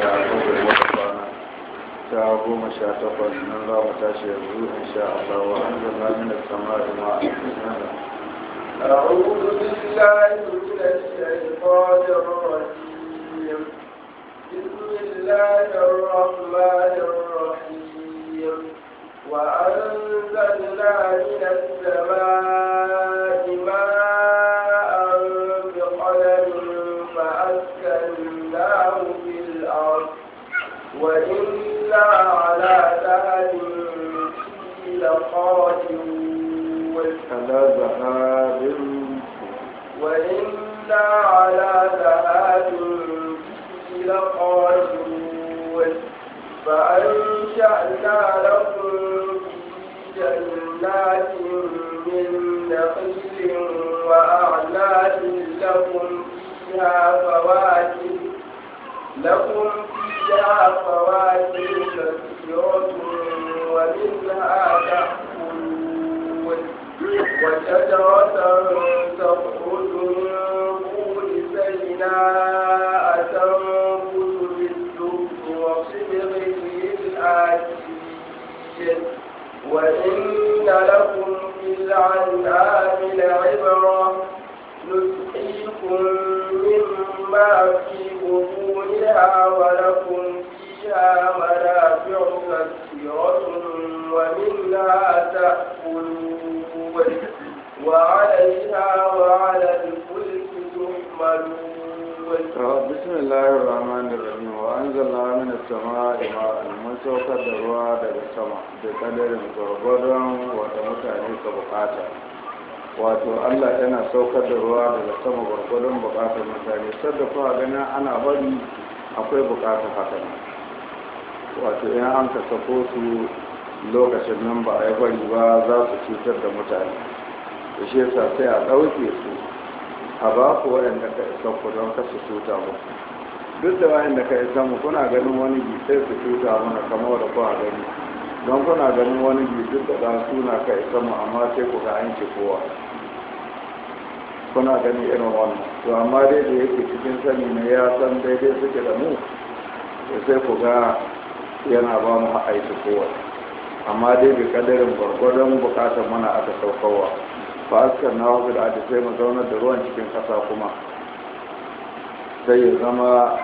يعقوب الوصفة ta goma sha takwas nan za mu tashi yanzu in sha أعوذ بالله من الشيطان الرجيم بسم الله الرحمن الرحيم وأنزلنا من السماء إنا على ذهب به لقادرون على ذهاب وإنا على ذهاب به لقادرون فأنشأنا لكم جنات من نخيل وأعناب لكم فيها فواكه لكم فيها فواكه كثيرة ومنها تأكلون وشجرة تخرج من طول سيناء تنبت بالدب وصبغ وإن لكم في العنعام لعبرة نسقيكم ما في بطونها ولكم فيها منافع كثيرة ومنها تأكلون وعليها وعلى الفلك تحملون بسم الله الرحمن الرحيم وأنزلنا من السماء ماء المنسوخة الرواء daga sama da kadarin gwargwadon wata mutane ka bukata wato allah yana saukar da ruwa daga sama gwargwadon bukatar mutane sadda kuwa ganin ana bari akwai bukatar haka wato in an ka sako su lokacin nan ba a yi bari ba za su cutar da mutane da shi yasa sai a ɗauke su a ba ku waɗanda ka isa ku don kasu cuta muku duk da waɗanda ka isa mu kuna ganin wani bi sai su cuta mana kamar da kuwa gani don kuna ganin wani jirgin da ɗan suna ka isa mu amma sai ku ga an kowa kuna gani irin wannan to amma dai da yake cikin sani na ya san daidai suke da mu sai ku ga yana ba mu aiki kowa amma dai bi kadarin gwargwadon bukatar mana aka saukowa fa askar na wasu da ake sai mu zaunar da ruwan cikin ƙasa kuma sai ya zama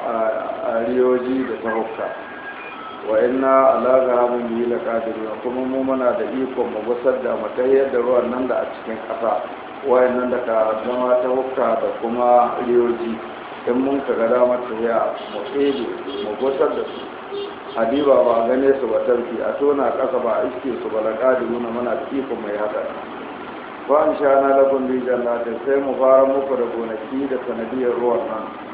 a riyoji da ta wa inna ala zahabin bihi laqadirun kuma mu muna da ikon mu gusar da mu da ruwan nan da a cikin ƙasa wayannan da ka zama ta hukka da kuma riyoji in mun ka ga dama tafiya mu tsebe mu gusar da su habiba ba gane su ba tarki a tona kasa ba a iske su ba na muna da ikon mai haka ba in sha na lagun bijan latin sai mu fara muku da gonaki da sanadiyar ruwan nan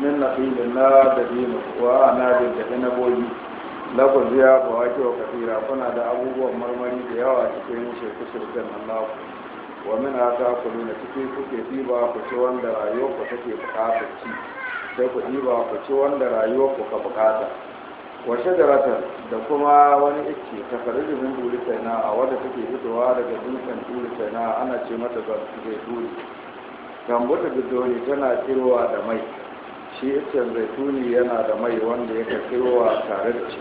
min nakhilin na dabino wa anabin da inabobi lakon ziya ba wake wa kafira kuna da abubuwan marmari da yawa cikin shekusur kan Allah wa min ata ku nuna ciki kuke diba ku ci wanda rayuwar ku take bukatar ci sai diba ku ci wanda rayuwar ku ka bukata wa shajaratan da kuma wani icce ta min duli sana a wadda take fitowa daga dutsen duli sana ana ce mata zaituni tambuta bidoni tana tsirowa da mai shi iccen zaituni yana da mai wanda ya kasewa tare da shi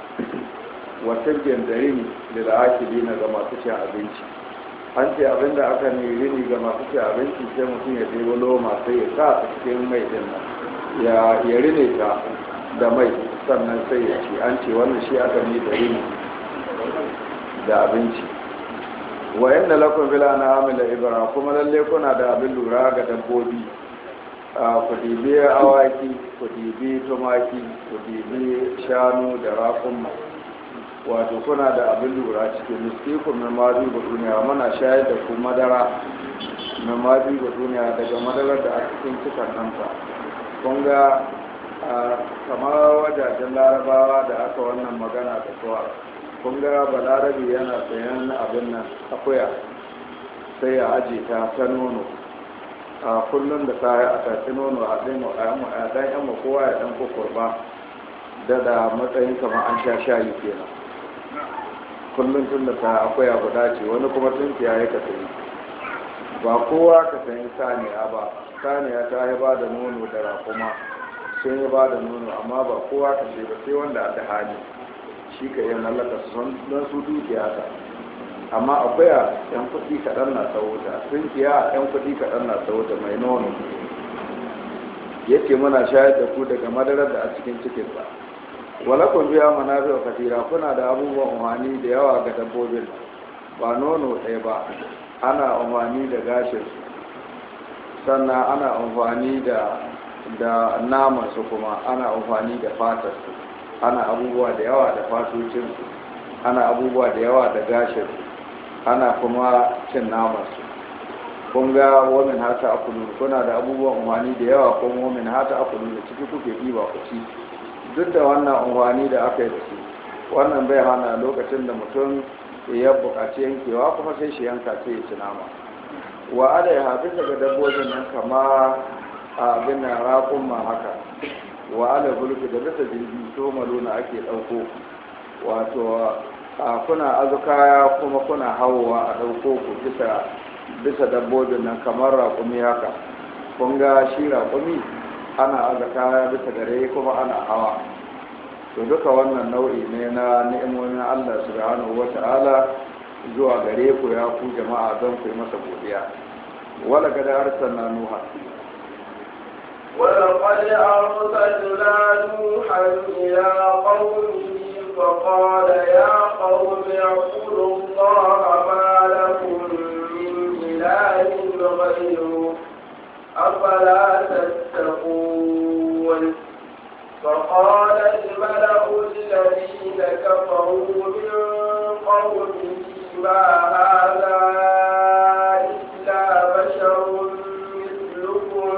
watan gendarini da da ake dina ga masu cin abinci an ce abinda aka ne rini ga masu cin abinci sai mutum ya ɗebo loma sai ya sa a cikin mai din ya rine ta da mai sannan sai ya ci an ce wannan shi aka ne da rini da abinci wa inna lakon bila na la ibra kuma lalle kuna da abin lura ga dabbobi ku dibi awaki ku tumaki ku dibi shanu da raƙumma wato kuna da abin lura cikin miskiku mai mazi ga duniya mana shayar da ku madara mai mazi ga duniya daga madarar da a cikin cikin hanta kun ga kamar wajajen larabawa da aka wannan magana da kowa kun ga balarabi yana sayan abin nan akuya sai ya aje ta ta nono A kullum da ta yi a tafi nono a ɗan yamma kowa ya ɗan kukurba da da matsayin kamar an sha shayi kenan kullum tun da ta akwai abu dace wani kuma tun ya yi ka sayi ba kowa ka sayi saniya ba saniya ta yi ba da nono da rakuma sun yi ba da nono amma ba kowa ka sayi ba sai wanda a da hali shi ka yi nan lakasa don su dukiya ta amma akwai a yan kuɗi kaɗan na sauta sun kiya a yan kuɗi kaɗan na sauta mai nono ya ce muna shayar da ku daga madarar da a cikin cikin wala walakon biya mana wa katira kuna da abubuwan umarni da yawa ga dabbobin ba nono ɗaya ba ana umarni da gashin. sannan ana amfani da da su kuma ana amfani da fatarsu ana abubuwa da yawa da fatocinsu ana abubuwa da yawa da gashinsu ana kuma cin namansu kun ga womin hata a Kudu, kuna da abubuwan umarni da yawa kun womin hata a Kudu da ciki kuke ɗiba ku ci duk da wannan umarni da aka yi da su wannan bai hana lokacin da mutum ya buƙaci yankewa kuma sai shi yanka ce ya ci nama wa ada ya haɗu daga dabbobin nan kama a abin na raƙun ma haka wa ala gulfi da bisa jirgi to na ake ɗauko wato kuna azukaya kuma kuna hawa a ɗauko ku bisa bisa dabbobin nan kamar raƙumi haka kun ga shi raƙumi ana azukaya bisa gare kuma ana hawa to duka wannan nau'i ne na ni'imomin Allah subhanahu wata'ala zuwa gare ku ya ku jama'a don ku yi masa godiya wala kada arsalna nuha ولقد أرسلنا نوحا إلى قومه فقال يا قوم اعبدوا الله ما لكم من إله غيره أفلا تتقون فقال الملأ الذين كفروا من قومه ما هذا إلا بشر مثلكم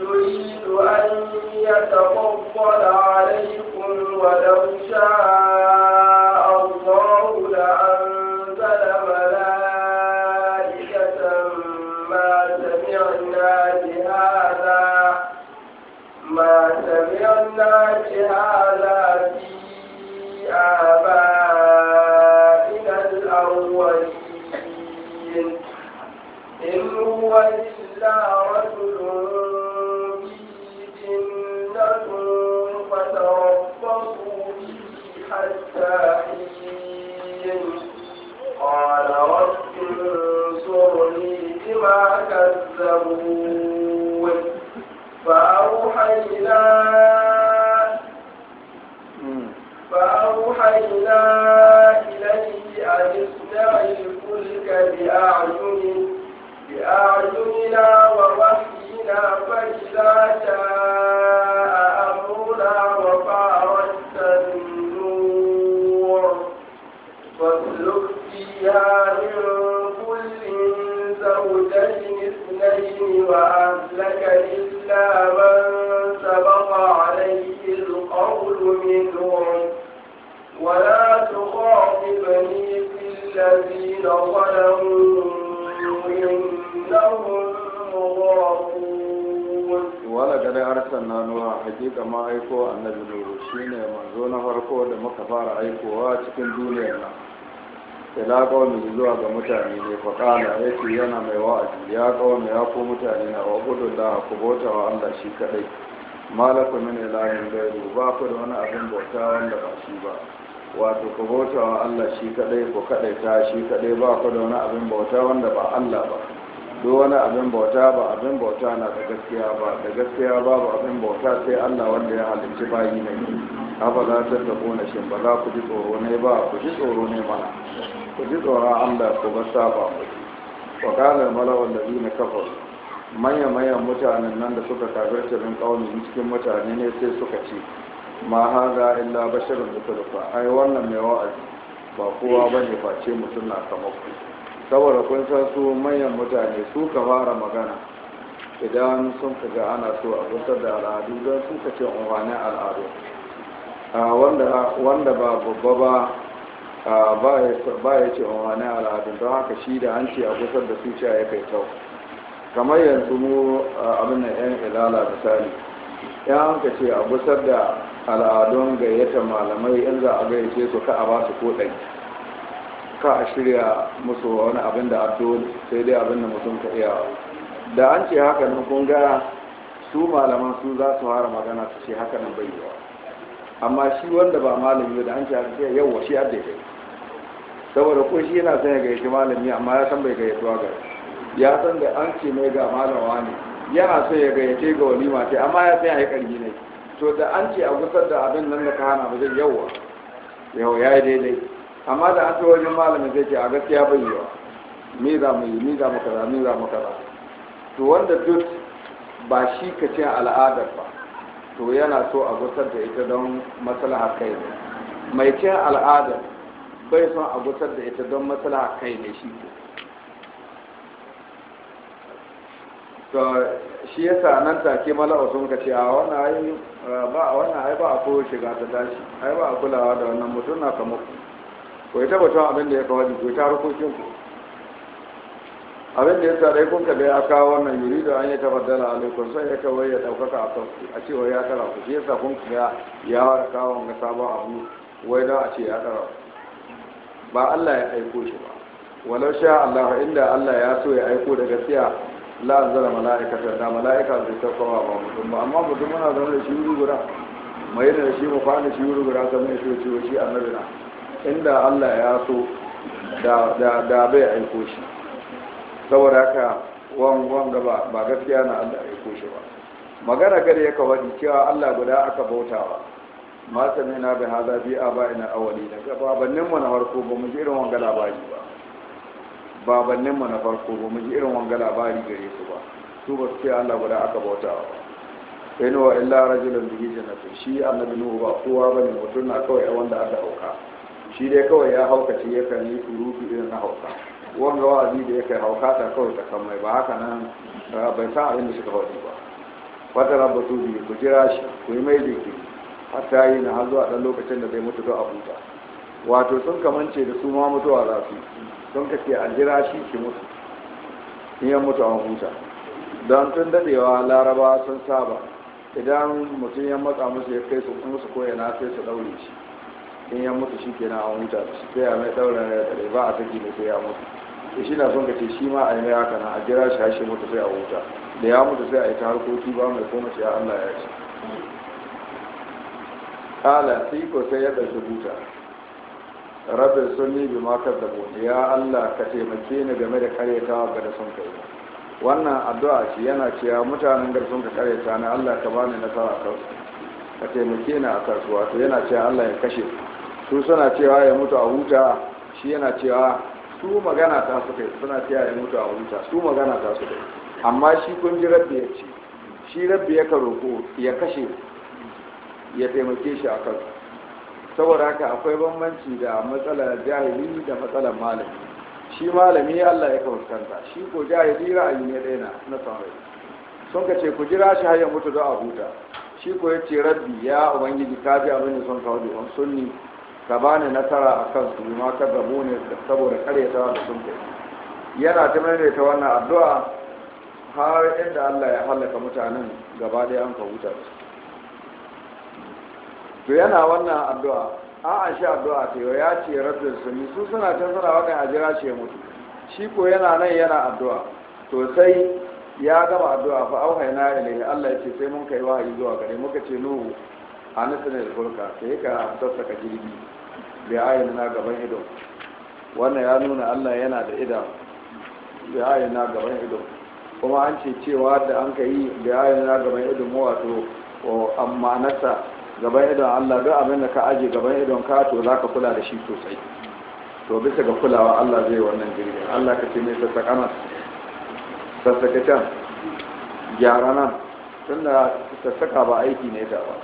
يريد أن يتفضل عليكم ولو شاء الله لأنزل ملائكة ما سمعنا بهذا ما سمعنا بهذا في آبائنا الأولين إن هو إلا رجل بما كذبون فأوحينا فأوحينا إليه أن اصنع الفلك بأعيننا بأعيننا ووحينا فإذا جاء أمرنا وفارت النور فاسلك فيها من إني وأهلك إلا من سبق عليه القول منهم ولا تخاطبني في الذين ظلموا إنهم مغرقون wala gada harsan na nuna hakika ma aiko annabi nuru shine manzo na farko da muka fara aikowa cikin duniyar nan ila kawai zuwa ga mutane ne faƙala ya ce yana mai wa'azi ya kawai ya ko mutane na wa gudun da ku bauta wa allah shi kaɗai malaku min ilahin gairu ba ku da wani abin bauta wanda ba shi ba wato ku bauta wa allah shi kadai ku kadai ta shi kadai ba ku da wani abin bauta wanda ba allah ba duk wani abin bauta ba abin bauta na da gaskiya ba da gaskiya ba abin bauta sai allah wanda ya halicci bayi ne haka za ta tafi na shin ba za ku ji tsoro ne ba ku ji tsoro ne mana ku ji tsoron Allah ku ba ba mu wa qala da alladhina manya manyan mutanen nan da suka kafirce min kauni cikin mutane ne sai suka ce ma haza illa basharun mutulufa ai wannan mai wa'azi ba kowa bane face mutum na kamar ku saboda kun san su manyan mutane su ka fara magana idan sun ga ana so a gusar da al'adu don suka ce umarnin al'adu wanda ba babba ba ba ya ce wa wani al'adun don haka shi da hanci a kusur da suciya ya kai kyau kamar yanzu mu abin nan yan ilala misali ya hanka ce a kusur da al'adun gayyata malamai in za a gayyace su ka a ba su kodai ka a shirya musu wani abin da abdul sai dai abin da mutum ka iya da an ce haka nan kun ga su malaman su za su fara magana su ce haka nan bai yiwa amma shi wanda ba malami da an ce haka yau wa shi adda ya saboda ko shi yana son ya gayyaci malami amma ya san bai gayyatuwa ga ya san da an ce mai ga malawa ne yana son ya gayyace ga walima ce amma ya san ya yi ƙarfi ne to da an ce a gusar da abin nan da ka hana ba zai yawa yau ya yi daidai amma da an ce wajen malamin zai ce a gaskiya bai yiwa me za mu yi me za mu kaza me za mu kaza to wanda duk ba shi ka ce al'adar ba to yana so a gusar da ita don matsalar kai mai cin al'adar bai son a gutar da ita don matsala kai ne shi to shi yasa nan take mala'u sun ka ce a wannan ai ba a wannan ai ba a ko shiga ta tashi ai ba a kulawa da wannan mutum na kamar ku ko ita batun abin da ya kawo ku ta harkokin ku abin da ya dai kun ka a kawo wannan yuri da an yi tabaddala alaikum sai ya kawai ya ɗaukaka a kan a cewa ya tsara ku shi yasa kun ka ya kawo ga sabon abu wai da a ce ya tsara ku ba Allah ya aiko shi ba walau sha Allah inda Allah ya so ya aiko da gaskiya la anzala mala'ikata da mala'ika zai ta kawo ba mutum ba amma mutum muna zama da shi wuri guda mai da shi mu fara shi wuri guda zama ya so ciwo shi annabi na inda Allah ya so da bai aiko shi saboda haka wan gaba ba gaskiya na Allah ya aiko shi ba magana gare ya kawai cewa Allah guda aka bautawa ma samina bi hada bi aba'ina awwalina babannin mu na farko ba mu ji irin wanga labari ba babannin mu na farko ba mu ji irin wanga labari gare su ba su ba su ce Allah guda aka bauta ba in wa illa rajulun bihi jannatu shi annabi nuhu ba kowa bane mutum na kawai wanda aka hauka shi dai kawai ya haukace ya kan yi surutu irin na hauka wanga wa'azi da ya kai hauka ta kawai ta kamai ba haka nan ah, bai san abin da suka faɗi ba wata rabatu biyu ku jira shi ku yi mai jinkiri ta yi na har zuwa ɗan lokacin da zai mutu don a huta wato sun kamance da su ma mutuwa za su sun ka a jira shi ki mutu in yan mutu a huta don tun daɗewa laraba sun saba idan mutum ya matsa musu ya kai su musu koyana sai su ɗaure shi in yan mutu shi ke na huta sai a mai ɗaurin na yadda ba a saki da sai ya mutu shi na son ka ce shi ma a yi mai haka na a jira shi hashe mutu sai a wuta da ya mutu sai a yi ta harkoki ba mai koma shi ya Allah ya ce kala sai ko sai ya ɗauki buta rabin sun bi makar da bude ya allah ka taimake ni game da karyatawa ga da sun kai wannan addu'a ce yana cewa mutanen da sun ka karyata na allah ka bani nasara a kansu ka taimake ni a kansu wato yana cewa allah ya kashe su suna cewa ya mutu a huta shi yana cewa su magana ta su kai suna cewa ya mutu a huta su magana ta su kai amma shi kun ji rabbi ya ce shi rabbi ya ka roƙo ya kashe ya taimake shi a kansu saboda haka akwai bambanci da matsalar jahili da matsalar malami shi malami Allah ya kawuskanta shi ko jahili ra'ayi ne ɗaya na son rai sun ka ce ku jira shi har ya mutu don a huta shi ko ya ce rabbi ya ubangiji ka ji abin da sun kawo da wani sunni ka bani nasara a kan su ma ka gabo ne saboda karyatawa da sun kai yana ta maimaita wannan addu'a har inda Allah ya halaka mutanen gaba ɗaya an ka huta su to yana wannan addu'a an an shi addu'a ta yau ya ce rabbin suni su suna can suna wakan a jira ce mutu shi ko yana nan yana addu'a to sai ya gama addu'a fa auhayna ilayhi Allah ya ce sai mun kai wahayi zuwa gare muka ce nuhu a nasarar fulka sai ka sassaka jirgi bai ayin na gaban ido wannan ya nuna Allah yana da ida. bai ayin na gaban ido kuma an ce cewa da an ka yi bai ayin na gaban ido mawato oh, amma nasa gaban idon Allah duk abin da ka aje gaban idon ka to za ka kula da shi sosai to bisa ga kulawa Allah zai wannan jirgin Allah ka ce mai sassaka nan sassaka can gyara nan tun da sassaka ba aiki ne ta ba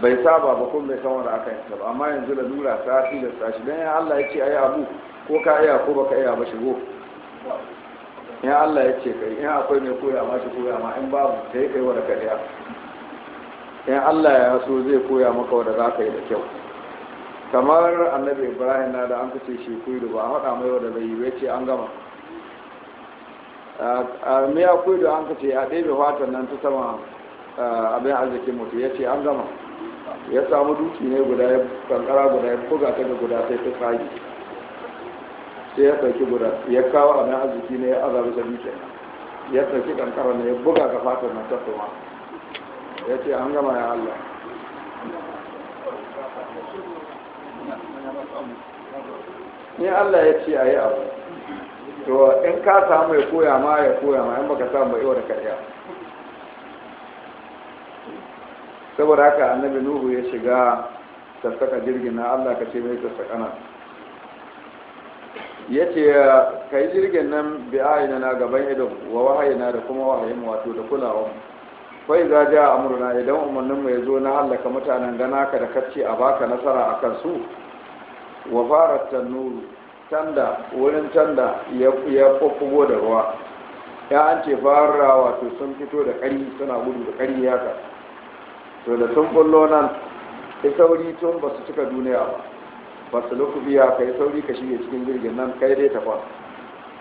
bai saba ba kuma bai san wanda aka yi ba amma yanzu da lura ta fi da tashi don yin Allah ya ce yi abu ko ka iya ko baka iya ba shigo in Allah ya ce kai in akwai mai koya ma shi koya ma in babu sai kai wa ka iya in Allah ya so zai koya maka wanda za ka yi da kyau kamar annabi ibrahim na da an kace shi kuidu ba a haɗa mai wanda bai yi ba ce an gama a miya kuidu an kace a ɗebe fatan nan ta sama abin arzikin mutu ya ce an gama ya samu duki ne guda ya kankara guda ya buga ta ga guda sai ta tsagi sai ya ɗauki guda ya kawo abin arziki ne ya azabi ta ya ɗauki kankara ne ya buga ga fatan nan ta tsoma ya ce an gama ya Allah ni Allah ya ce a yi abu to in ka samu ya koya ma ya koya ma in baka samu ba yau da karya saboda haka annabi nuhu ya shiga sassaka jirgin na Allah ka ce mai na, ya ce ka yi jirgin nan bi na gaban ido, wa wahayina da kuma wahayin wato da kulawa fai za ja amurna idan umarnin mai zo na hallaka mutanen gana ka da kacce a baka nasara a kansu wa fara tannuru tanda wurin tanda ya kwakwago da ruwa ya an ce fara wato sun fito da kari suna gudu da kari haka to da sun kullo nan ya sauri tun ba su cika duniya ba ba su biya ka sauri ka shige cikin jirgin nan kai dai tafa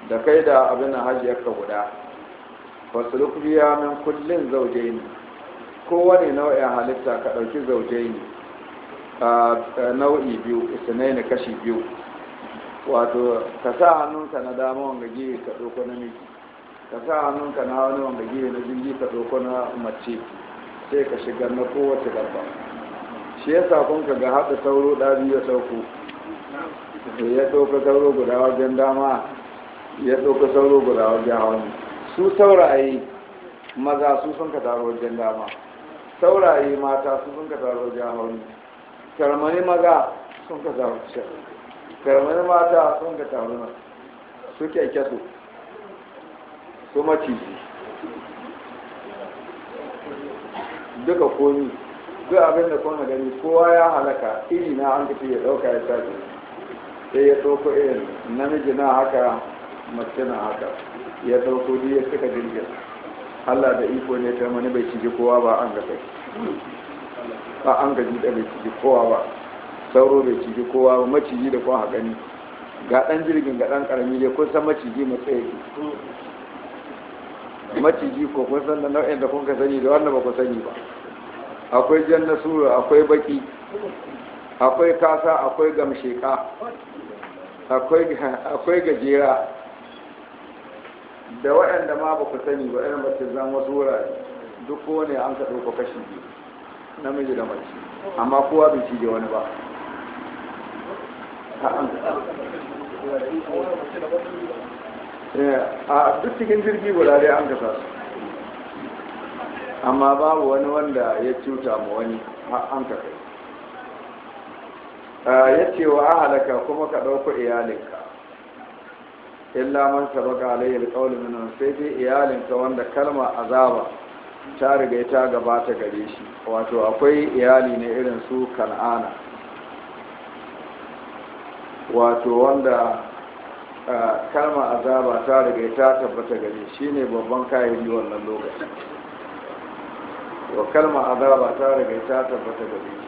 da kai da abin na ka guda wasu rukubiya min kullum zaujai ne kowane nau'in halitta ka ɗauki zaujai ne a nau'i biyu isinai na kashi biyu wato ka sa hannunka na dama wanga gehe ka ɗauko na miki ka sa hannunka na wani wanga gehe na jirgi ka ɗauko na mace sai ka shiga na kowace dabba shi ya sa kun ga haɗa sauro ɗari ya ɗauko ya ɗauka sauro guda wajen dama ya ɗauka sauro guda wajen hawa su saurayi maza su sun ka taro wajen dama saurayi mata su sun ka taro wajen hauni karmani maza sun ka taro can karmani mata sun ka taro nan su keke su su maciji duka komi duk abin da kuma gani kowa ya halaka iri na an kafi ya dauka ya tafi sai ya dauko irin namiji na haka mace na haka ya sauko duk ya suka jirgin Allah da iko ne ta mani bai ciki kowa ba an ga kai ba an ga da bai ciki kowa ba sauro bai ciki kowa ba maciji da kowa gani ga dan jirgin ga dan karami dai kun san maciji matsayi maciji ko kun san da nau'in da kun ka sani da wannan ba ku sani ba akwai jan sura, akwai baki akwai kasa akwai gamsheka akwai gajera da waɗanda ma ba ku sani ba irin mace zan wasu wurare duk wani an ka ɗauka kashi biyu namiji da mace amma kowa bai ci da wani ba eh, a duk cikin jirgi guda dai an kasa su amma babu wani wanda ya cuta ma wani an ka kai eh, ya ce wa ahalaka kuma ka ɗauko iyalinka illa man sabaka alayhi alqawl minhum sai dai iyalin ka wanda kalma azaba ta riga ta gabata gare shi wato akwai iyali ne irin su kan'ana wato wanda kalma azaba ta riga ta tabbata gare shi ne babban kayayyaki wannan lokaci wa kalma azaba ta riga ta tabbata gare shi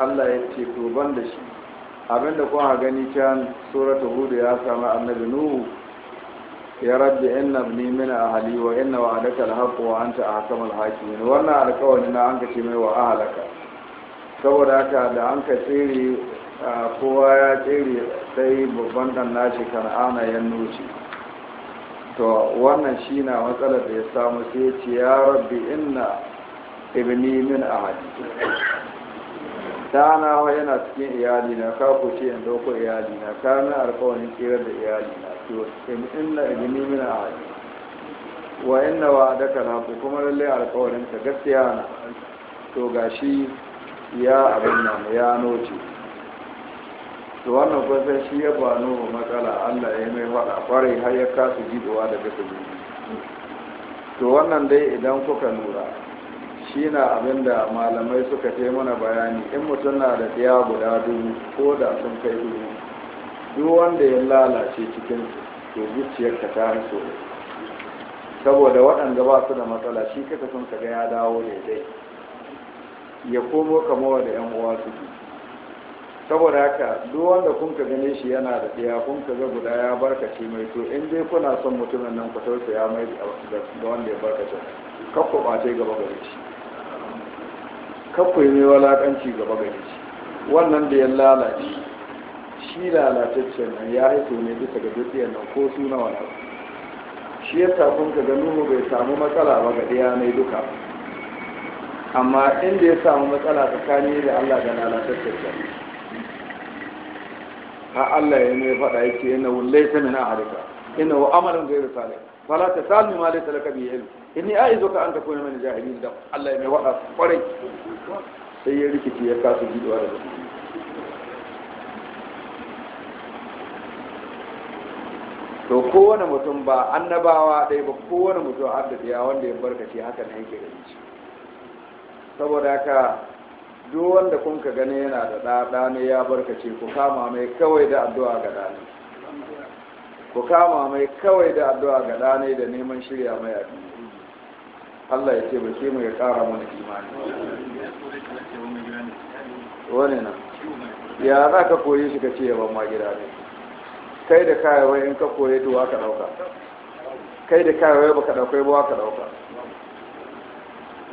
Allah ya ce to ban da shi Abin da kuma gani can surata hudu ya sami annabi nuhu ya rabbi inna ibni min ahli wa inna wa'adaka al-haqq wa anta ahkamul hakimin wannan alƙawari na an kace mai wa ahlaka saboda haka da an ka tsere kowa ya tsere sai babban dan nashi kan'ana ya nuci to wannan shi na matsalar da ya samu sai ya ce ya rabbi inna ibni min ahli dana wa yana cikin iyali na ka ku ce in dauko iyali na ka na alƙawarin tsirar da iyali na to in inna ibni min ahli wa inna daka na ku kuma lalle alƙawarin ka gaskiya na to gashi ya abin nan ya noce to wannan sai shi ya bano matsala Allah ya mai wada, kwarai har ya kasu jidowa daga zubi to wannan dai idan kuka lura shi na abin da malamai suka ce mana bayani in mutum na da ɗaya guda dubu ko da sun kai dubu duk wanda ya lalace cikin to ka ta so saboda waɗanda ba su da matsala shi kaka sun kaga ya dawo daidai ya komo kama da yan uwa su saboda haka duk wanda kun ka gane shi yana da ɗaya kun ka ga guda ya ce mai to in dai kuna son mutumin nan ku tausaya mai da wanda ya barka kakko ba ce gaba gari shi kakwai mai walakanci gaba gare shi wannan da ya lalace shi lalatacce nan ya haifo ne bisa ga dukiyar nan ko suna wani shi ya kun ka ga nuhu bai samu matsala ba ga ɗaya mai duka amma inda ya samu matsala tsakani da allah da lalatacce lalataccen ha allah ya ne faɗa yake yana ta mina a harika yana wa amalin zai da salih fala ta sami ma laysa laka bi ilm inni a'izuka an takuna min jahilin da Allah ya mai wada kwarai sai ya rikici ya kasu gidowa da to ko wani mutum ba annabawa ɗaya ba ko wani mutum a addadiya wanda ya barkace haka na yake gani saboda haka duk wanda kun ka gani yana da ɗaɗa ne ya barkace ku kama mai kawai da addu'a ga ɗani ku kama mai kawai da addu'a ga dane da neman shirya mai addini Allah ya ce taimake mu ya ƙara mana imani wani na. ya za ka koyi shi ka ce yaban ma gida ne kai da wai in ka koye duwa ka ɗauka kai da kayawai ba ka dauka ba ka ɗauka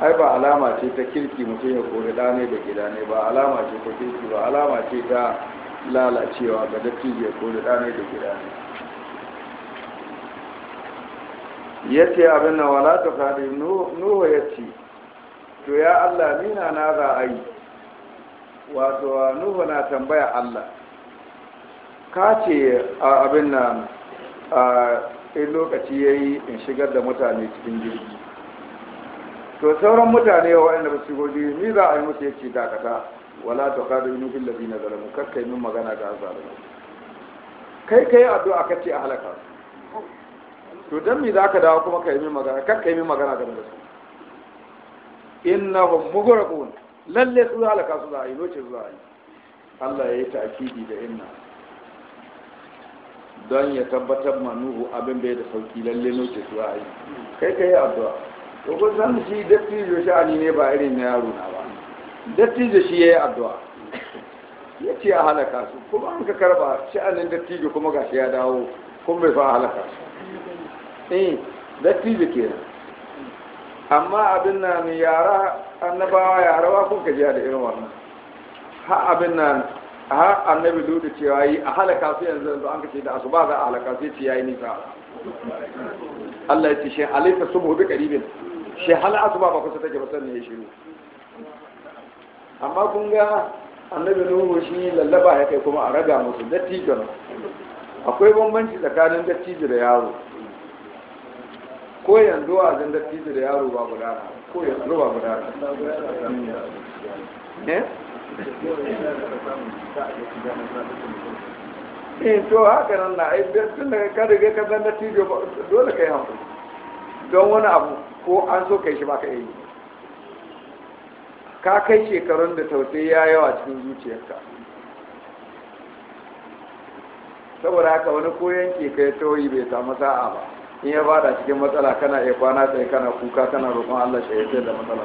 ai ba alama ce ta kirki mutum ya kore dane da gida ne ba alama ce ta kirki ba alama ce ta lalacewa ga dattijo kore dane da gida ne ya ce abin na wala ta faɗi nuhu ya ce to ya allah nina na za a yi wato nuhu na tambaya allah ka ce abin na in lokaci ya yi in shigar da mutane cikin jirgi to sauran mutane waɗanda ba su shigo jirgi ni za a yi musu ya ce dakata wala ta faɗi nuhu labi na zalamu kakkai min magana ga zalamu kai kai addu'a kace a halaka to dan me zaka dawo kuma ka yi min magana kar ka yi min magana game da su innahum mughraqun lalle su halaka su za a yi loce su za a yi Allah ya yi ta'kidi da inna don ya tabbatar ma nuhu abin bai da sauki lalle loce su za a yi kai kai addu'a to ko san shi dattijo sha'ani ne ba irin na yaro na ba dattijo shi yayi addu'a ya ce a halaka su kuma an ka karba sha'anin dattijo kuma gashi ya dawo kuma bai fa halaka su eh dattijo kenan amma abin na mai yara annabawa yara ba kun gajiya da irin wannan ha abin na ha annabi dudu cewa yi a halaka su yanzu yanzu an kace da asuba za a halaka sai ce yayi nisa Allah ya ce shi alaysa subhu bi qaribin shi hal asuba ba kusa take ba sannan ya shiru amma kun ga annabi nuhu shi lallaba ya kai kuma a raga musu dattijo akwai bambanci tsakanin dattijo da yaro ko yanzu a zan da tijo da yaro ba guda ko yanzu ba gudana ne? eh to haka nan na ai tun daga ka riga ka zan da ba, dole ka yi hankali don wani abu ko an so kai shi ba ka yi ka kai shekarun da tausayi ya yawa cikin zuciyarka saboda haka wani koyon ke kai tauri bai samu sa'a ba in ya bada cikin matsala kana iya kwana tsaye kana kuka kana roƙon Allah shi ya da matsala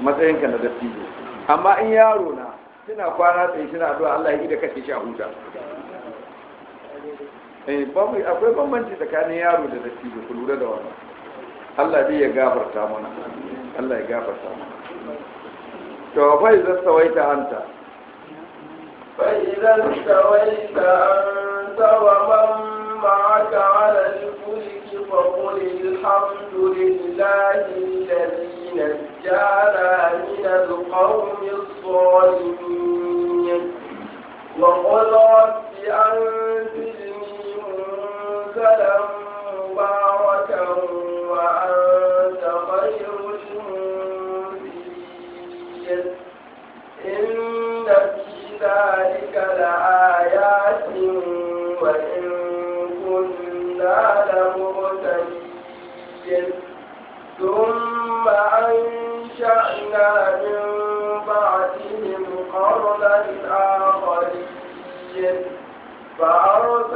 matsayinka na dattijo amma in yaro na suna kwana tsaye suna zuwa Allah ya yi da kashe shi a huta eh, akwai bambanci tsakanin yaro da dattijo ku lura da wannan Allah dai ya gafarta mana Allah ya gafarta mana to fa idan sawaita anta فإذا استويت أنت ومن معك على الفلك فقل الحمد لله الذي نجانا من القوم الظالمين وقل رب أنزلني منزلا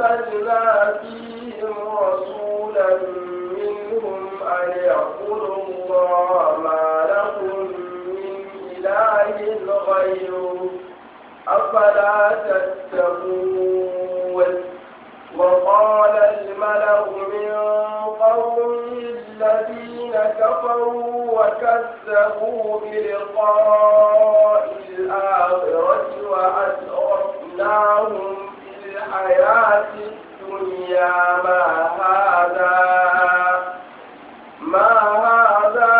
بعثنا فيهم رسولا منهم أن يعبدوا الله ما لهم من إله غيره أفلا تتقون وقال الملأ من قوم الذين كفروا وكذبوا بلقاء الآخرة وأترفناهم الحياة الدنيا ما هذا ما هذا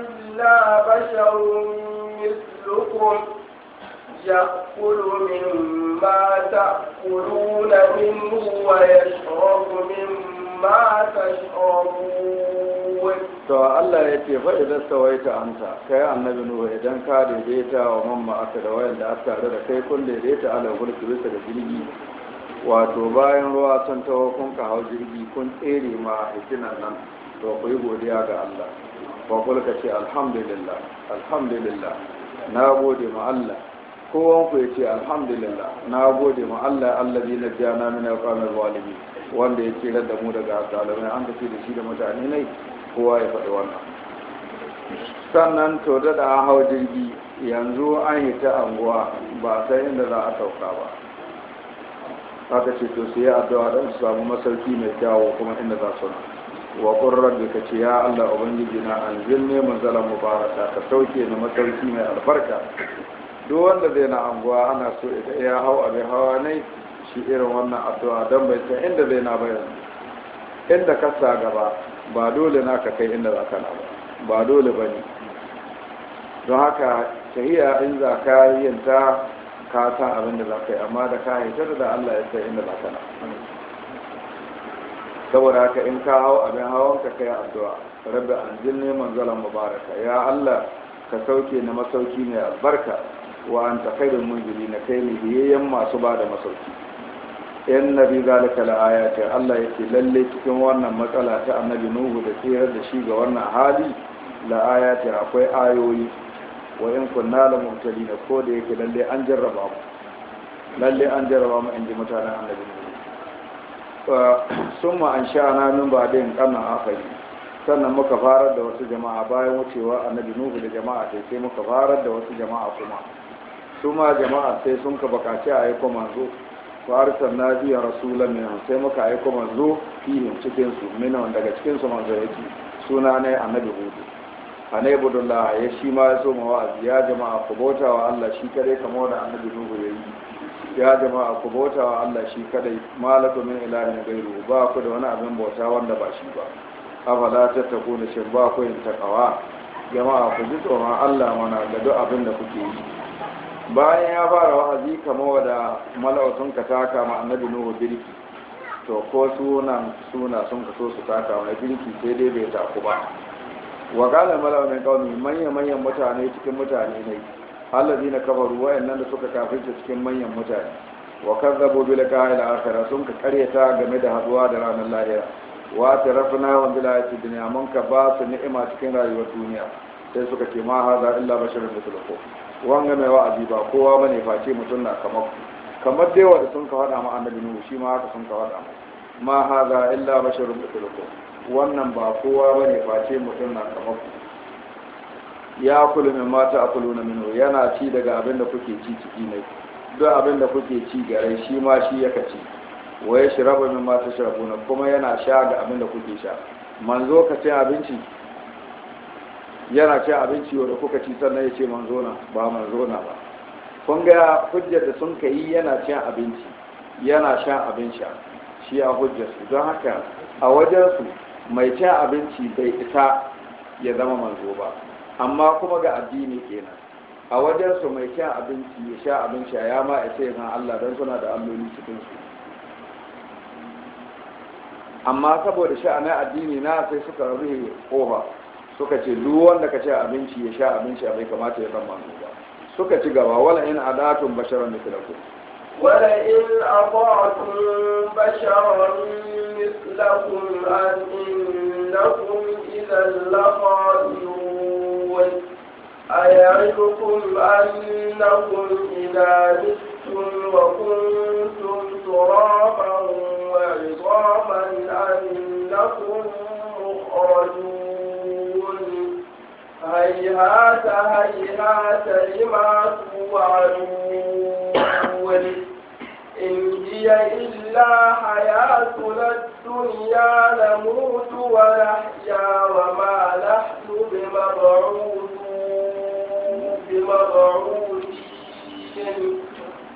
إلا بشر مثلكم يأكل مما تأكلون منه ويشرب مما تشربون to Allah ya ce fa idan sawaita anta kai annabi nuhu idan ka daidaita wa mamma aka da wayan da aka tare da kai kun daidaita ala gulki bisa da jirgi wato bayan ruwa sun taho kun ka hau jirgi kun tsere ma hikinan nan to ku yi godiya ga Allah wa kulka ce alhamdulillah alhamdulillah na gode ma Allah kowan ku ya ce alhamdulillah na gode ma Allah allazi najjana mina alqamil zalimin wanda ya tsira da mu daga zalimai an tafi da shi da mutane ne kowa ya faɗi wannan sannan to da an hau jirgi yanzu an yi ta anguwa ba sai inda za a sauka ba haka ce to sai addu'a don su samu masauki mai kyawo kuma inda za su wa ƙurrar da ka ce ya allah ubangiji na an ne manzala mubaraka ka sauke na masauki mai albarka duk wanda zai na anguwa ana so ita ya hau abin hawa ne shi irin wannan addu'a don bai san inda zai na bayan inda ka sa gaba ba dole na ka kai inda za ka na ba ba dole ba ne don haka shahiya in za ka yin ta ka san abin da za ka yi amma da ka haifar da Allah ya sai inda za ka na saboda haka in ka hau abin hawan ka kai addu'a rabbi neman zalan mubaraka ya Allah ka sauke na masauki mai albarka wa da mun munzili na kai ne biyayyen masu ba da masauki yan nabi zalika la'aya ce Allah yake lalle cikin wannan matsala ta annabi nuhu da tsirar da shi ga wannan hali la ayati akwai ayoyi wa in kunna la mubtalina ko da yake lalle an jarraba mu lalle an jarraba mu inji mutanen annabi sun ma an sha na nan ba din yin kanan sannan muka farar da wasu jama'a bayan wucewa annabi nuhu da jama'a sai sai muka farar da wasu jama'a kuma su ma jama'a sai sun ka bakace a yi kuma zo farisar na biya rasulun ne sai muka aiko manzo fihim cikin su minan daga cikin su manzo yake suna ne annabi hudu anai budullah ya shi ma ya so mawa ya jama'a ku bauta wa Allah shi kadai kamar da annabi hudu ya yi ya jama'a ku bauta wa Allah shi kadai malaka min ilahin gairu ba ku da wani abin bauta wanda ba shi ba afala tattaku da shin ba ku yin takawa jama'a ku ji tsoron Allah mana ga duk abin da kuke yi bayan ya fara wa'azi kama wada mala'u sun ka taka ma annabi nuhu birki to ko sunan suna sun ka so su taka mai birki sai dai bai taku ba wa qala mala'u min qaumi manyan manyan mutane cikin mutane ne allazina kafaru nan da suka kafirce cikin manyan mutane wa kazzabu bil qa'il akhirah sun ka karyata game da haduwa da ranar lahira wa tarafna wa bil ayati dunya mun ka ba su ni'ima cikin rayuwar duniya sai suka ce ma hada illa basharun mithlukum wanga mai wa'azi ba kowa bane face mutum na kamar ku kamar dai wanda sun ka faɗa ma annabi nuhu shi ma haka sun ka faɗa ma ma haza illa basharun mithlukum wannan ba kowa bane face mutum na kamar ku ya kulu min mata akuluna minhu yana ci daga abin da kuke ci ciki ne duk abin da kuke ci gare shi ma shi yaka ci wa yashrabu min mata sharabuna kuma yana sha ga abin da kuke sha manzo ka cin abinci yana ce abinci wanda kuka ci sannan ya ce manzona ba manzona ba kun ga hujjar da sun kai yana cin abinci yana shan abinci shi a su. don haka a wajen su, mai cin abinci bai isa ya zama manzo ba amma kuma ga addini kenan a wajen su mai cin abinci ya sha abinci ya ma isa ya san Allah don suna da alloli cikinsu amma saboda sha'anin addini na sai suka rufe kofa suka ce duk wanda ka ce abinci ya sha abinci a bai kamata ya san manzo ba suka ci gaba wala in adatun basharan mislakum wala in adatun basharan mislakum an innakum idan laqadun aya'idukum annakum idza mittum wa kuntum turaban wa idaman annakum mukhrajun هيهات هيهات لما توعدون إن هي إلا حياتنا الدنيا نموت ونحيا وما نحن بمبعوثين بمبعوث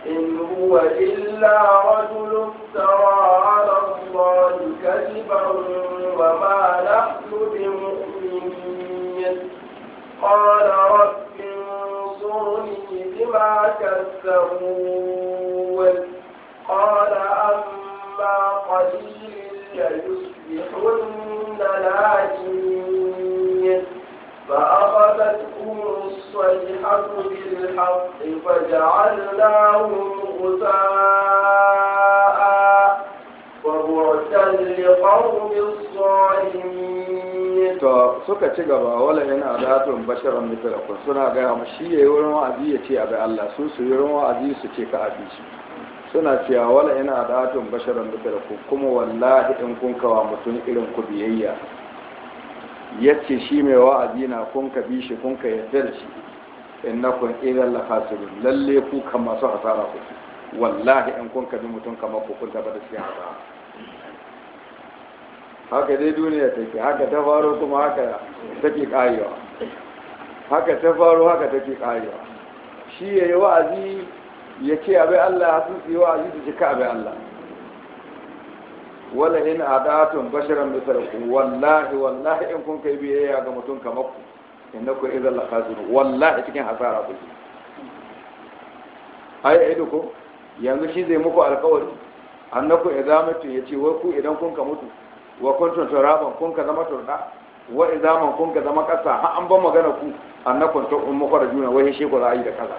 إن هو إلا رجل افترى على الله كذبا وما نحن بمؤمنين قال رب انصرني بما كذبون قال أما قليل ليصبحن نادمين فأخذتهم الصيحة بالحق فجعلناهم غثاء وبعدا لقوم الظالمين to suka ci gaba wala yana adatun basharan mithlukum suna gaya mu shi yi wurin wa'azi ya ce abi Allah sun su yi wurin wa'azi su ce ka abi shi suna cewa wala yana adatun basharan mithlukum kuma wallahi in kun kawa mutum irin ku biyayya Ya ce shi mai wa'azi na kun ka bi shi kun ka yarda da shi innakum idan la khasirun lalle ku kan masu hasara ku wallahi in kun ka bi mutum kamar ku kun da ba da shi hasara haka dai duniya take haka ta faro kuma haka take kayewa haka ta faro haka take kayewa shi ya yi wa'azi ya ce abai Allah sun yi wa'azi su cika abai Allah wala in adatun basharan ku wallahi wallahi in kun kai biyayya ga mutum kamar ku innakum idan la khasirun wallahi cikin hasara kuke ai ido ko yanzu shi zai muku alƙawari annaku idza mutu yace wai ku idan kun ka mutu wa kuntum turaban kun ka zama turda wa izaman kun ka zama kasa Ha an ban magana ku annakum to ummu da juna wai shi ku ra'ayi da kaza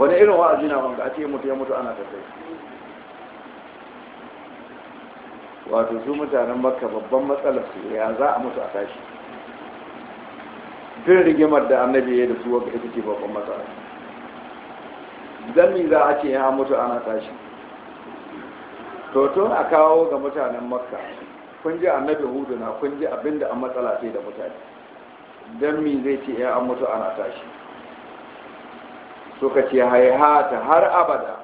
wani irin wa'azi na wanda ake mutu ya mutu ana tafiya wato su mutanen makka babban matsalar su ya za a mutu a tashi bin rigimar da annabi ya da su wanda ita ce babban matsala dan me za a ce ya mutu ana tashi to tun a kawo ga mutanen makka kun ji annabi hudu na kun ji abinda an matsala sai da mutane don mi zai ce ya an mutu ana tashi suka ce haihata har abada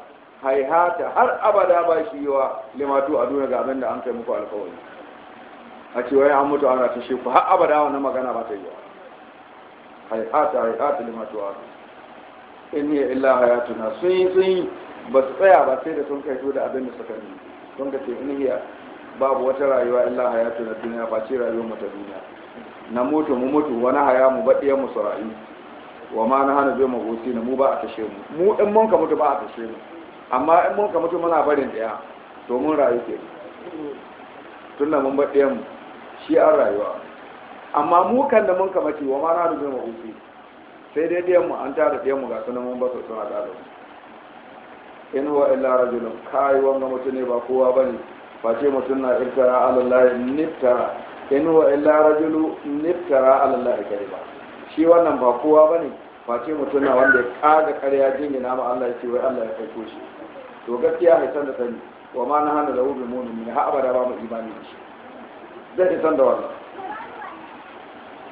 haihata har abada ba shi yawa limatu a duniya ga abin da an kai muku alkawari a ce wai an mutu ana tashi ku har abada wannan magana ba ta yiwa haihata haihata limatu a in yi illa hayatuna sun yi sun yi ba su tsaya ba sai da sun kai da abin da suka yi sun ga ce inihiya babu wata rayuwa illa hayatu na duniya ce rayuwar mu ta duniya na mutu mu mutu wani haya mu baɗiyan mu sura'i wa ma na hana zai magosi na mu ba a tashe mu mu in mun ka mutu ba a tashe mu amma in mun ka mutu muna barin ɗaya to mun rayu ke tun da mun baɗiyan mu shi an rayuwa amma mu kan da mun ka mace wa ma na hana zai magosi sai dai ɗiyan mu an tara ɗiyan mu ga sunan mun ba su suna da mu in huwa illa rajulun kai wanga mutum ne ba kowa bane face mutum na iftara alallahi niftara in huwa illa rajulu niftara alallahi kariba shi wannan ba kowa bane face mutum na wanda ya kaga karya jingina ma Allah ya ce wai Allah ya kaiko shi to gaskiya haisan da sani wa ma nahana lahu bil mu'minin ha abada ba mu imani da shi zai san da wannan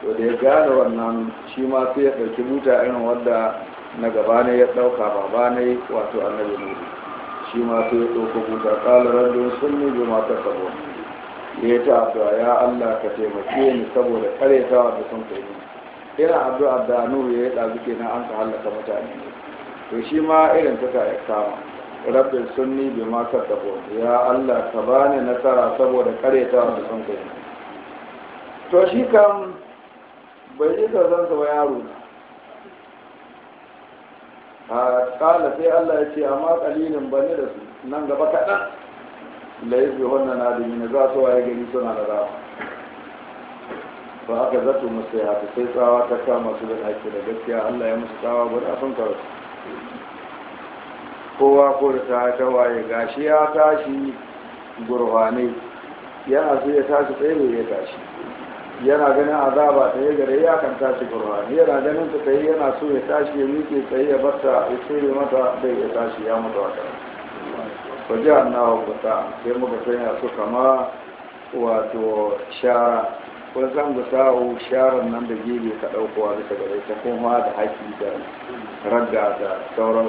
to da ya gane wannan shi ma sai ya dauki buta irin wanda na gaba ne ya ɗauka baba ne wato annabi nuhu shi ma sai ya ɗauka buta ƙala rajin sun ne bi mata sabo ya ta addu'a ya Allah ka taimake ni saboda karyatawa da sun kai ni ina addu'a da nuhu ya yi ɗazu na an ka hallaka mutane to shi ma irin ta ta kama rabbin sunni bi ma sabo ya Allah ka bani nasara saboda karyatawa da sun kai ni to shi kam bai yi zan ba yaro na kala sai Allah ya ce amma kalilin ba ne da su nan gaba kaɗan la yi fi wannan na da yini za su waye gari suna da rawa ba aka zato musu ya haka sai tsawa ta kama su da ɗaki da gaskiya Allah ya musu tsawa guda sun kowa ko da ta ta waye gashi ya tashi gurfane yana so ya tashi tsaye ya tashi yana ganin azaba ta ya gare ya kan tashi burhani yana ganin ta tsaye yana so ya tashi ya miƙe tsaye ya barta ya tsere mata bai ya tashi ya mutu haka ko ji annawa gusa sai muka sanya su kama wato shara kun san gusa a sharan nan da gebe ka ɗaukowa ta gare ta kuma da haƙi da ragga da sauran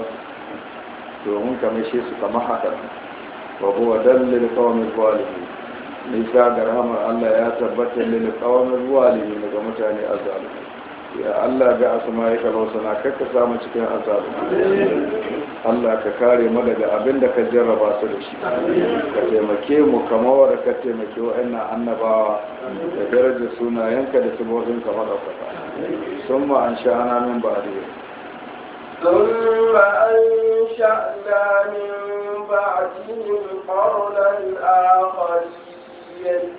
domin kamar shi su kama haka wa huwa dallil mai kwalifi nisa ga rahamar Allah ya tabbata lil zuwa ne daga mutane azzalimi ya Allah ga asma ya kalau sana kakka samu cikin azzalimi Allah ka kare mu daga abin da ka jarraba su da shi ka taimake mu kamar wanda ka taimake wa'annan annabawa da suna sunayenka da sabobin ka kafa sun ma an sha ana min ba ثم أنشأنا من بعدهم قرنا آخرين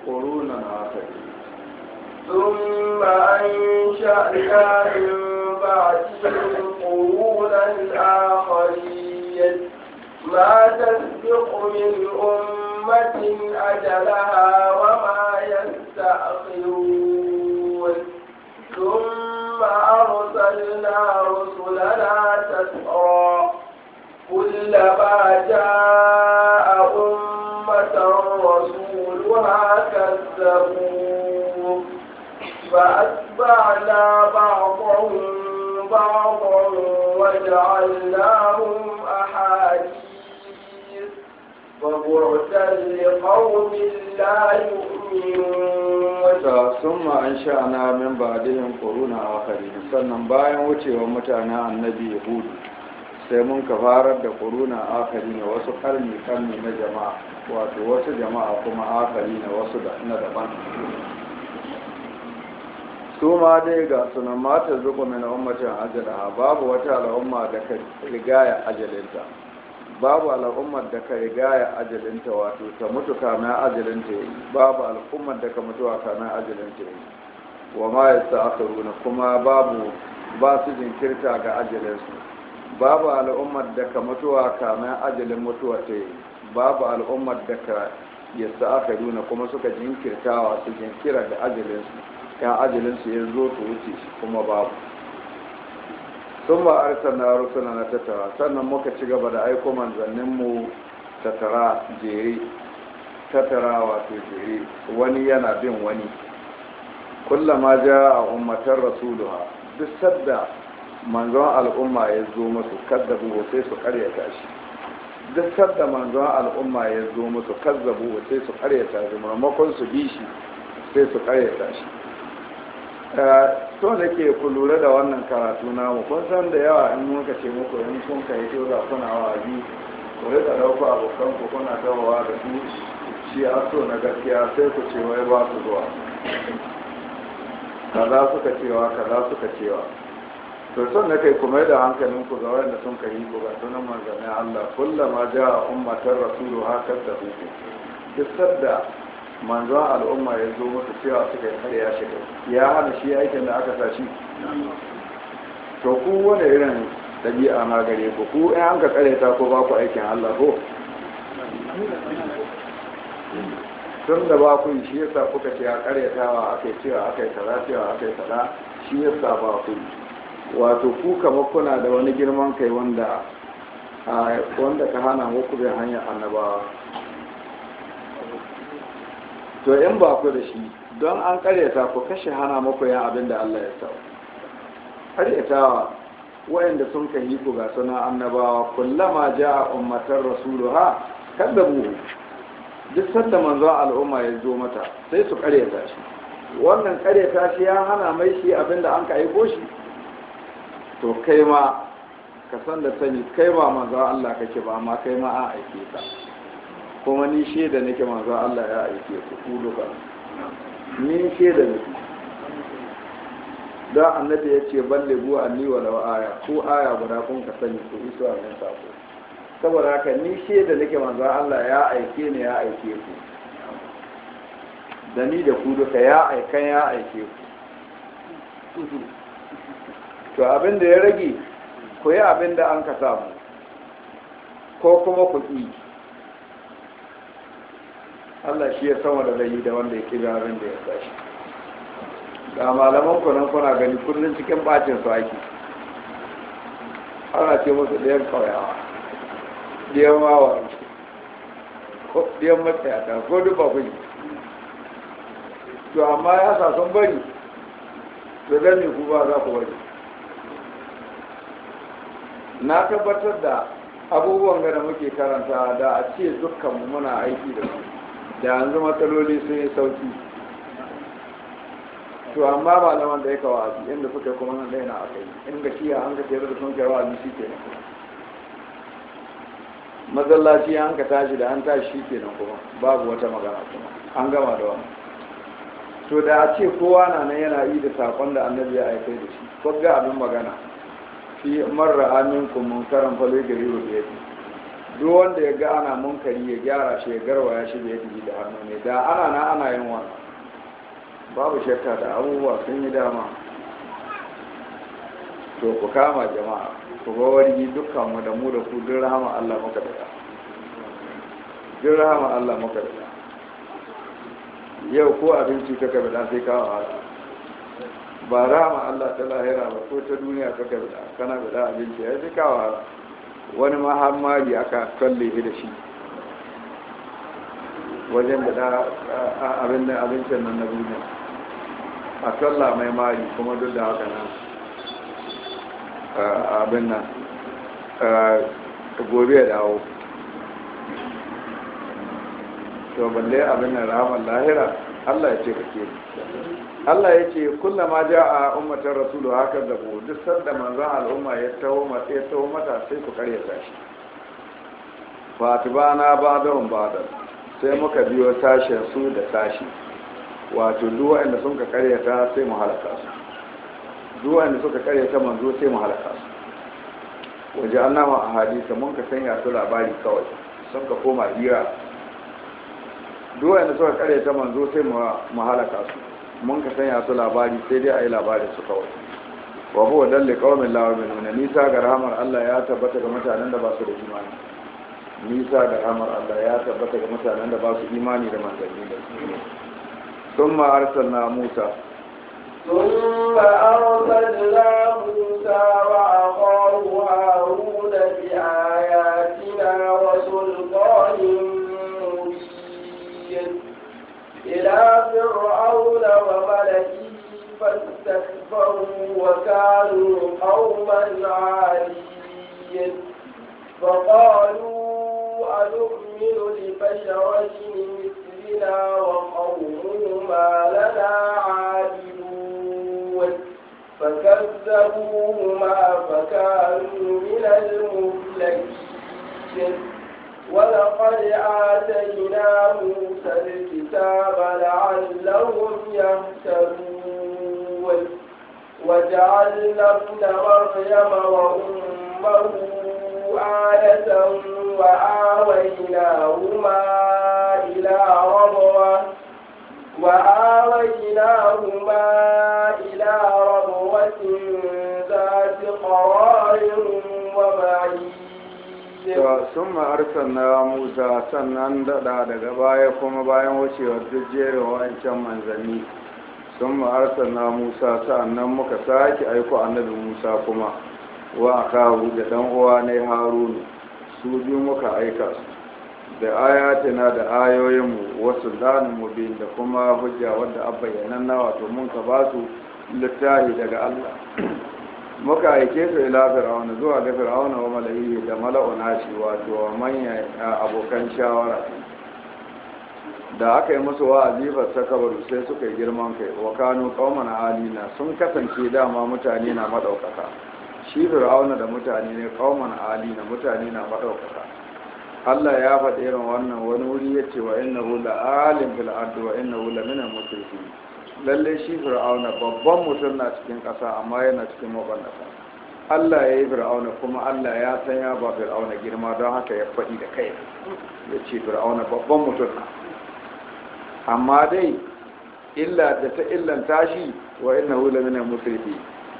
قرونا آخرين ثم أنشأنا من بعدهم قرونا آخرين ما تسبق من أمة أجلها وما يستأخرون ثم أرسلنا رسلنا تسرا كلما جاء أمة رسولها كذبوه فأتبعنا بعضهم بعضا وجعلناهم أحاديث فبعدا لقوم لا يؤمنون sun ma'ansha na min ba dihin koruna a sannan bayan wucewar mutanen annabi yahudu sai mun ka farar da kuruna akari ne wasu karni karni na jama'a wato wasu jama'a kuma akari na wasu na daban su ma dai ga sunan matar zuku na ummatin ajala babu wata al'umma da ka rigaya ajalinta babu al'ummar da ka rigaya ajalinta wato ta mutu kana ajalinta yi babu al'ummar da ka mutu kana ajalinta yi wa ma yasta'khiruna kuma babu ba su jinkirta ga ajalinsu babu al'ummar da ka mutuwa kamar ajalin mutuwa ta yi babu al'ummar da ka yasa aka nuna kuma suka jinkirtawa su jinkira da ajalinsu ya ajalinsu ya zo su wuce kuma babu sun ba na rusuna na tattara sannan muka ci gaba da aiko manzanninmu tattara jere tattara wato jere wani yana bin wani kullama ja a ummatar rasuluha duk sadda manzon al'umma ya zo musu kazzabu sai su karyata shi duk sadda manzon al'umma ya zo musu kazzabu sai su karyata shi maimakon su bi shi sai su karyata shi eh, to da ke ku lura da wannan karatu mu kun san da yawa in muka ce muku in kun kai to da kuna wazi ku rika dauko abokan ku kuna dawowa da su shi a so na gaskiya sai ku ce wai ba su zuwa kaza suka cewa kaza suka cewa to son na kai kuma da hankalin ku ga wanda sun kai ku ga sunan manzannin Allah kullama ja'a ummatar rasulu hakar da su. duk sadda manzon al'umma ya zo musu cewa suka yi har ya shiga ya hana shi aikin da aka sa shi to ku wani irin ɗabi'a ma gare ku ku ai an ka ta ko ba ku aikin Allah ko tun da ba ku shi yasa kuka ce a ƙaretawa aka yi cewa aka yi kaza cewa aka yi kaza shi yasa ba ku yi wato ku kama kuna da wani girman kai wanda wanda ka hana muku bai hanyar annabawa to in ba ku da shi don an karyata ku kashe hana muku ya abin da Allah ya sau karyatawa wayanda sun kahi ku ga suna annabawa kullama ja a ummatar da mu duk sanda manzo al'umma ya zo mata sai su karyata shi wannan karyata shi ya hana mai shi abinda an ka aiko shi to kai ma ka san da sani kai ba manzo Allah kake ba amma kai ma an aike ka kuma ni shaida nake manzo Allah ya aike ku kudu ka, ni da nake da annabi ya ce balle bu anni wa aya ko aya guda kun ka sani ku isu a nan sako saboda haka ni da nake manzo Allah ya aike ni ya aike ku da ni da ku duka ya aikan ya aike ku to abin da ya rage ku yi abin da an ka samu ko kuma ku ƙi Allah shi ya sama da zai da wanda ya kira abin da ya tashi. ga malaman kunan kuna gani kullum cikin bacin su ake ana ce musu ɗayan kauyawa ɗayan wawa ɗayan matsayata ko duba kuyi to amma ya sa sun bari to zan yi ku ba za ku bari na tabbatar da abubuwan gada muke karanta da a ce dukkan muna aiki da su da yanzu matsaloli sun yi sauki to amma malaman da ya kawo a inda suka kuma nan daina na kai yi inda shi a ka tare da sun kai wa'azi shi ke matsalaci an ka tashi da an tashi shi ke kuma babu wata magana kuma an gama da wani to da a ce kowa na nan yana yi da saƙon da annabi ya aikai da shi ko ga abin magana shi marra amin ku munkaran fa zai gari rubi yadi duk wanda ya ga ana munkari ya gyara shi ya ya shi da yadi da hannu ne da ana na ana yin wannan babu shakka da abubuwa sun yi dama to ku kama jama'a ku ga wani dukkan mu da mu da ku duk rahama Allah muka da duk rahama Allah muka da yau ko abinci ka kabila sai kawo haka ba rama Allah ta lahira ba ko ta duniya ka bida kana guda abinci ya fi kawa wani ma aka kalle shi da shi wajen da abin da abincin nan na duniya a kalla mai mari kuma duk da haka nan abin nan gobe ya dawo to balle abin nan ma lahira Allah ya ce ka ke Allah ya ce kulla ma ja a ummatar rasulu haka da ku duk sanda manzan al'umma ya taho mata ya taho mata sai ku karyata shi fatibana ba na ba da sai muka biyo sashen su da tashi, wato duwa inda sun ka karyata sai mu halaka su duwa inda suka karyata manzo sai mu halaka su waje an nama a hadisa mun ka sanya su labari kawai sun ka koma hira duwa da suka kare ta manzo sai mu halaka su mun ka sanya su labari sai dai a yi labarin su kawai wa huwa dalli qaumin la yu'minuna nisa ga rahmar Allah ya tabbata ga mutanen da ba su da imani nisa ga rahmar Allah ya tabbata ga mutanen da ba su imani da manzanni da ثم أرسلنا موسى ثم أرسلنا a وأخاه فرعون وملئه فاستكبروا وكانوا قوما عالين فقالوا أنؤمن لبشرين مثلنا وقومهما لنا عابدون فكذبوهما فكانوا من المهلكين ولقد آتينا موسى الكتاب لعلهم يهتدون وجعلنا ابن مريم وأمه آية وآويناهما إلى ربوة وآويناهما إلى ربوة ذات قرار ومعين sun ma'arsar na musa sannan daɗa daga baya kuma bayan wucewar duk jerin wa'ancan manzanni sun ma'arsar na musa sannan muka sake aiko annabi musa kuma wa kawo da ɗan uwa ne harunu su biyu muka aika su da ayatina da ayoyinmu wasu zanen mubin da kuma hujja wadda abbayyanan na wato mun ka ba su littafi daga allah muka aike su ila fir'auna zuwa ga fir'auna wa mala'ihi da mala'una shi wato manyan abokan shawara da aka yi musu wa'azi azifar sakabaru sai suka yi girman kai wa kanu qauman alina sun kasance dama mutane na madaukaka shi fir'auna da mutane ne qauman alina mutane na madaukaka Allah ya faɗi irin wannan wani wuri yace wa innahu la alim fil ardi wa innahu la minal muslimin lalle shi fir'auna babban mutum na cikin ƙasa amma yana cikin mabannata Allah ya yi fir'auna kuma Allah ya san ya ba fir'auna girma don haka ya faɗi da kai ya ce fir'auna babban mutum na amma dai illa da ta illan tashi, wa inna hula mina musulmi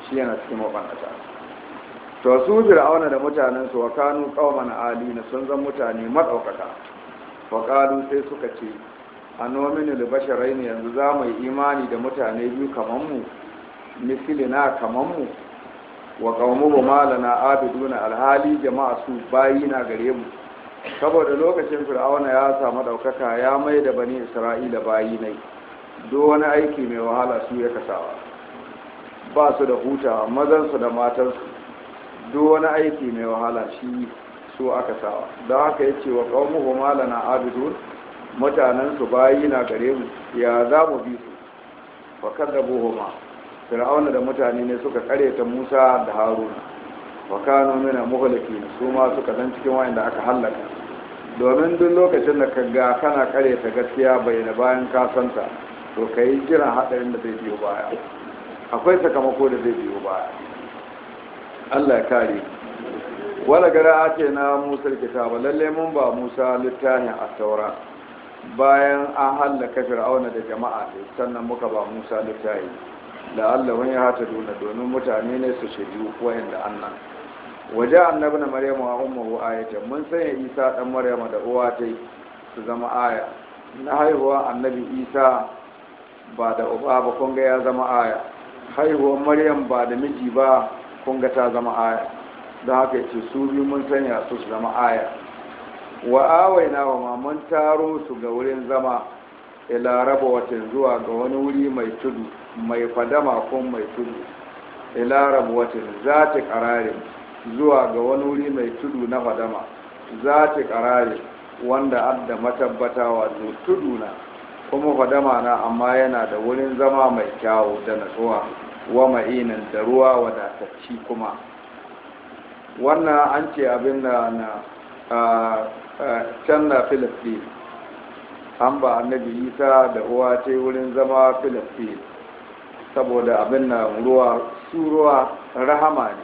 shi yana cikin mabannata to su fir'auna da mutanen su wa kanu Ali alina sun zan mutane maɗaukaka, wa qalu sai suka ce a nominu basharai yanzu za mu yi imani da mutane biyu kamanmu misilina kamanmu wa kaumu malana abiduna alhali jama'a su bayi na gare mu saboda lokacin fir'auna ya samu daukaka ya mai da bani isra'ila bayi nai do wani aiki mai wahala su ya kasawa ba su da huta su da matansu do wani aiki mai wahala shi su aka sawa da haka ya wa kaumu malana abidun? mutanen su bayi na gare mu ya za mu bi su fa huma fir'auna da mutane ne suka ta Musa da Haruna fa kanu mina muhlikin su ma suka zan cikin wanda aka halaka domin duk lokacin da kaga kana ta gaskiya bai da bayan ka ta, to kai jiran hadarin da zai biyo baya akwai sakamako da zai biyo baya Allah ya kare wala gara ake na Musa kitaba lalle mun ba Musa littafin at-Taurat bayan an hallaka fir'auna da jama'a sannan muka ba musa littafi allah ya hata duna domin mutane ne su shiryu wayan da annan waje annabi na maryamu a ummuhu ayata mun sanya isa dan maryamu da uwa ta su zama aya na haihuwa annabi isa ba da uba ba kun ga ya zama aya haihuwar maryam ba da miji ba kun ga ta zama aya don haka ce su biyu mun sanya su su zama aya wa awaina wa maman taro su ga wurin zama ila raba watan zuwa ga wani wuri mai tudu mai fadama ko mai tudu ila raba watan za ta kararin zuwa ga wani wuri mai tudu na fadama za ta kararin wanda adda matabbata wato tudu na kuma fadama na amma yana da wurin zama mai kyau da natsuwa wa ma'inan da ruwa wadatacci kuma wannan an ce abin da na can na filistin an ba annabi isa da uwa ce wurin zama filistin saboda abin na ruwa su ruwa rahama ne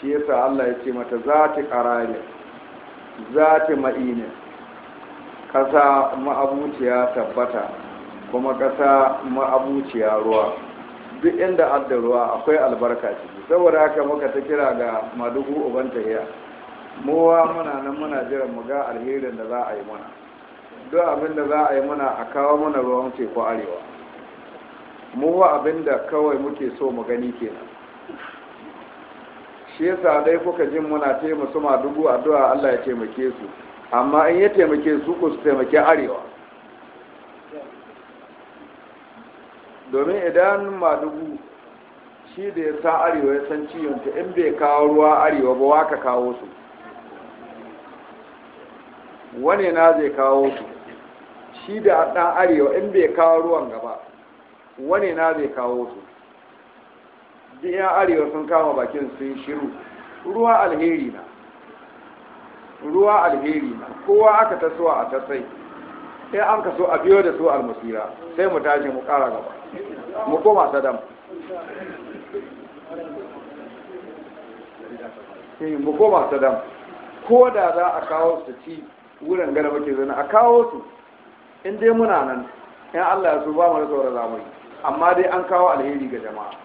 shi yasa allah ya ce mata za ta ne, za ta ƙasa ma'abuciya tabbata kuma ƙasa ma'abuciya ruwa duk inda adda ruwa akwai albarka ciki saboda haka muka ta kira ga madugu ubanta ya mowa muna nan muna jiran mu ga alherin da za a yi mana duk abin da za a yi mana a kawo mana ruwan teku arewa mowa abin da kawai muke so mu gani kenan shi yasa dai kuka jin muna taimu su ma dubu addu'a Allah ya taimake su amma in ya taimake su ku su taimake arewa domin idan dubu shi da ya sa arewa ya san ciyonta in bai kawo ruwa arewa ba waka kawo su wani na zai kawo su shi da ɗan arewa in bai kawo ruwan gaba wani na zai kawo su duk yan arewa sun kama bakin sun shiru ruwa alheri na ruwa alheri na kowa aka taso a tasai sai an kaso a biyo da su almasira sai mu tashi mu kara gaba mu koma sadam eh, mu koma sadam ko da za a kawo su ci wurin gada ke zana a kawo su in dai muna nan in Allah ya su ba mu da sauran zamani amma dai an kawo alheri ga jama'a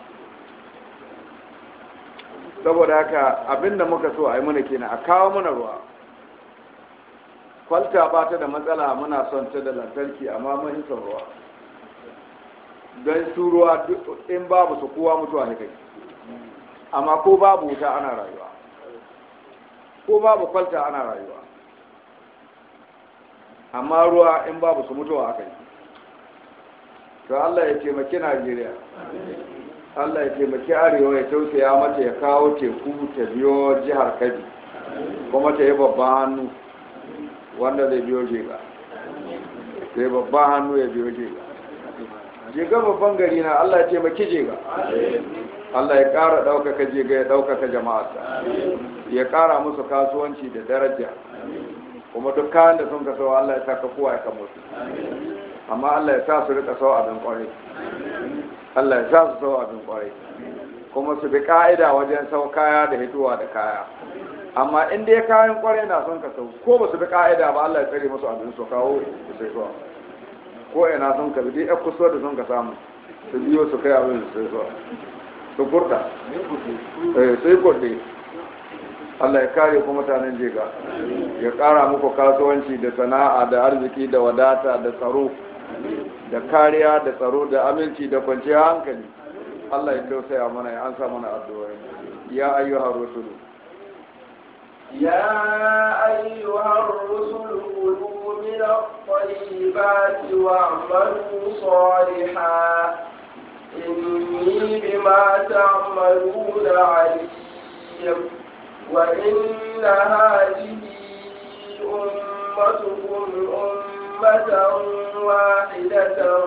saboda haka abinda muka so a yi mana kenan a kawo mana ruwa kwalta ba ta da matsala muna son ta da lantarki amma mun son ruwa don su ruwa in babu su kowa mutuwa ne kai amma ko babu wuta ana rayuwa ko babu kwalta ana rayuwa amma ruwa in babu su mutuwa aka yi to Allah ya taimaki Najeriya Allah ya taimaki arewa ya tausaya mata ya kawo teku ta biyo jihar Kabi kuma ta yi babban hannu wanda zai biyo jega ta yi babban hannu ya biyo jega jega babban gari na Allah ya taimaki jega Allah ya kara ɗaukaka jega ya ɗaukaka jama'arsa ya kara musu kasuwanci da daraja kuma duk kayan da sun ka sawa Allah ya sa ka kowa ya kan mutu amma Allah ya sa su rika sau abin kwarai Allah ya sa su sau abin kwarai kuma su bi ka'ida wajen sau kaya da hituwa da kaya amma in dai kayan kwarai na son ka sau ko ba su bi ka'ida ba Allah ya tsare musu abin su kawo su sai zuwa ko ina son ka bi ya kusa da sun ka samu su biyo su kai abin su sai zuwa su furta eh, sai Allah ya kare ku mutanen jega ya kara muku kasuwanci da sana'a da arziki da wadata da tsaro da kariya da tsaro da aminci da kwanciyar hankali Allah ya tausaya mana ya ansa mana addu'a ya ayyuhar rusulu يا أيها الرسل كلوا من wa amalu salihan inni bima ta'maluna 'alim وإن هذه أمتكم أمة واحدة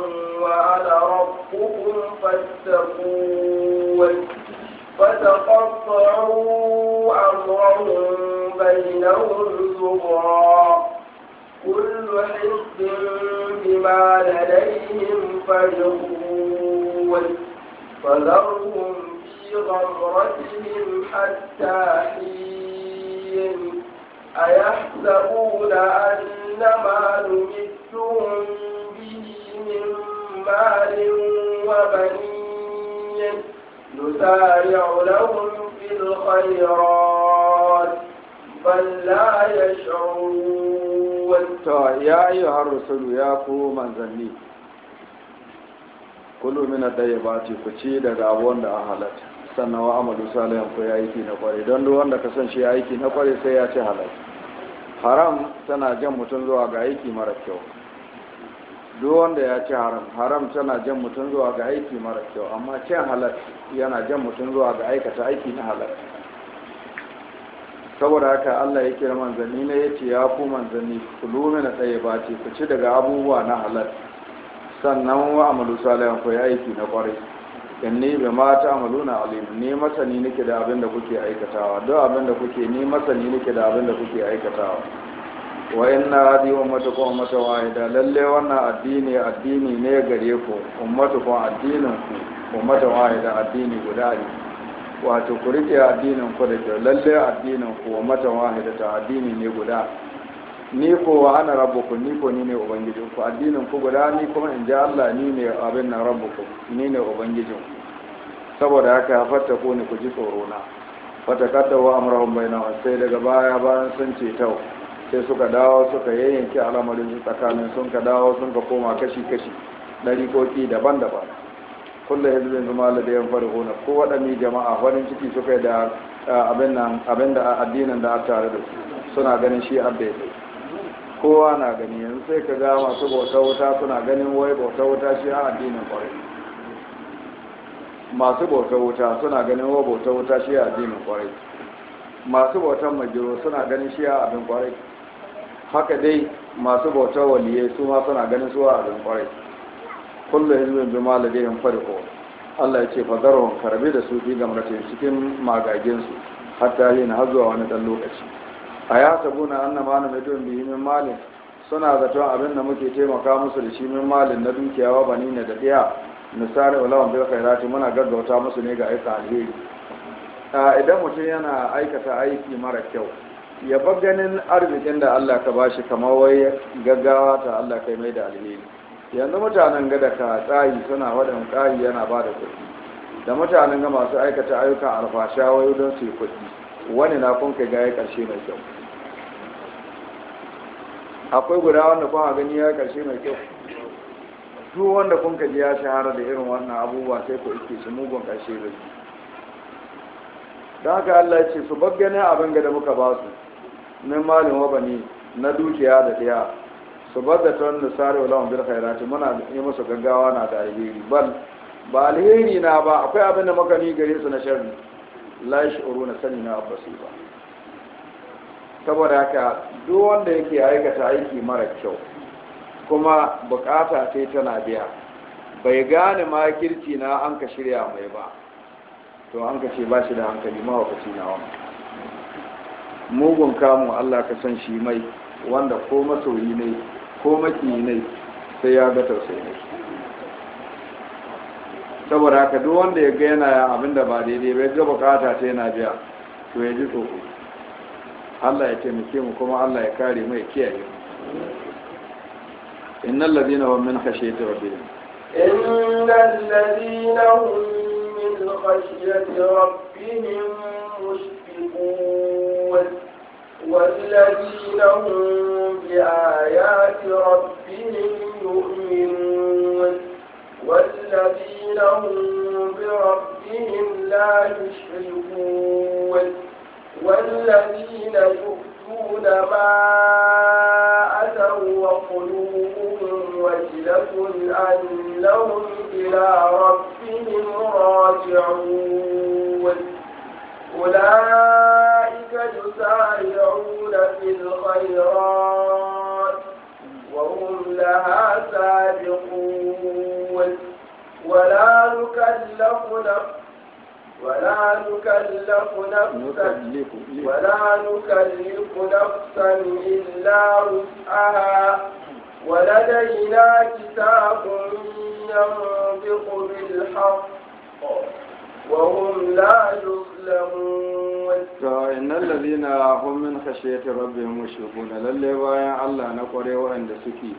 وأنا ربكم فاتقون فتقطعوا أمرهم بينهم زبرا كل حزب بما لديهم فرحون فذرهم غرتهم حتى حين أيحسبون أن ما نمتهم به من مال وبنين نسارع لهم في الخيرات بل لا يشعرون يا أيها الرسل يا قوم أنزلني kulu mina ɗaya ba ku ci daga abuwan da an halatta sannan wa amadu salihan ko ya aiki na kware don duk wanda ka san shi ya aiki na kware sai ya ci halal haram tana jan mutum zuwa ga aiki mara kyau duk wanda ya ce haram haram tana jan mutum zuwa ga aiki mara kyau amma cin halal yana jan mutum zuwa ga aikata aiki na halal saboda haka Allah ya kira manzanni ne ya ya ku manzanni ku lumi na tsaye ba ce ku ci daga abubuwa na halal sannan wa amalu salihan ku ya aiki na kware inni bi ma ta'maluna alim ni masani nake da abin da kuke aikatawa Do abin da kuke ni masani nake da abin da kuke aikatawa wa inna hadi ko ummatu wahida lalle wannan addini addini ne gare ku ko addinin ku ummatu wahida addini guda ne wato ku addinin ku da lalle addinin ku ummatu wahida ta addini ne guda ni ko wa ana rabbuku ni ko ni ne ubangijin ku addinin ku guda ni kuma in ji Allah ni ne abin nan rabbuku ni ne ubangijin saboda haka ya fatta ko ni ku ji tsoro na fata wa amrahum bainahum sai daga baya bayan sun ce tau sai suka dawo suka yayyanke al'amarin su tsakanin sun ka dawo sun ka koma kashi kashi dari, koki, daban-daban kullum hizbin zuma da yan ko waɗanne jama'a farin ciki suka yi da abin da addinin da a tare da su suna ganin shi abdaidai kowa na gani yanzu sai ka ga masu bauta wuta suna ganin wai bauta wuta shi a addinin kwarai masu bauta wuta suna ganin wai bauta wuta shi a addinin kwarai masu bautan magiro suna ganin shi a abin kwarai haka dai masu bautan waliyai su ma suna ganin su a abin kwarai kullu hizbin bi maladihim fariko Allah ya ce fadarhum karbi da su fi gamratin cikin magagin su hatta yin har zuwa wani dan lokaci a ya sabu na an na mutum biyu min malin suna zaton abin da muke taimaka musu da shi min malin na dukiyawa bani na da ɗaya misali ulawan bil khairati muna gaggauta musu ne ga aika alheri idan mutum yana aikata aiki mara kyau ya ba ganin arzikin da Allah ka bashi kamar wai gaggawa ta Allah kai mai da alheri yanzu mutanen gada ka tsayi suna wadan tsayi yana ba da kuɗi da mutanen ga masu aikata ayyukan alfasha wayo don su yi kuɗi wani na kun kai gaya ƙarshe mai kyau akwai guda wanda kuma gani ya karshe mai kyau duk wanda kun kaji ya shahara da irin wannan abubuwa sai ku iske su mugun karshe da su da haka Allah ce su bagganin abin da muka ba su min malin ne, na dukiya da ɗaya, su da ta wanda sare wala bil khairati muna yi musu gaggawa na da alheri bal ba alheri na ba akwai abin da muka ni gare su na sharri la na sani na abbasi ba saboda haka duk wanda yake aikata aiki mara kyau kuma bukata sai tana biya bai gane makirci na an ka shirya mai ba to an ka ce ba shi da hankali mahaukaci na wani mugun kamun allah ka san shi mai wanda ko masoyi ne ko maki ne sai ya ga tausayi ne saboda haka duk wanda ya ga yana abinda ba daidai bai ga bukata ta yana biya to ya ji tsoko Allah ya taimake mu kuma Allah ya kare mu ya kiyaye mu innal ladina hum min khashyati rabbihim innal ladina hum min khashyati rabbihim mushfiqun والذين هم بآيات ربهم يؤمنون والذين هم بربهم لا يشركون والذين يؤتون ما أتوا وقلوبهم وجلة أنهم إلى ربهم راجعون أولئك يسارعون في الخيرات وهم لها سابقون ولا نكلف نفسا ولا نكلف نفسا ولا نكلف نفسا إلا وسعها ولدينا كتاب ينطق بالحق وهم لا يظلمون إن الذين هم من خشية ربهم مشفقون للي بايا الله نقري وعند سكي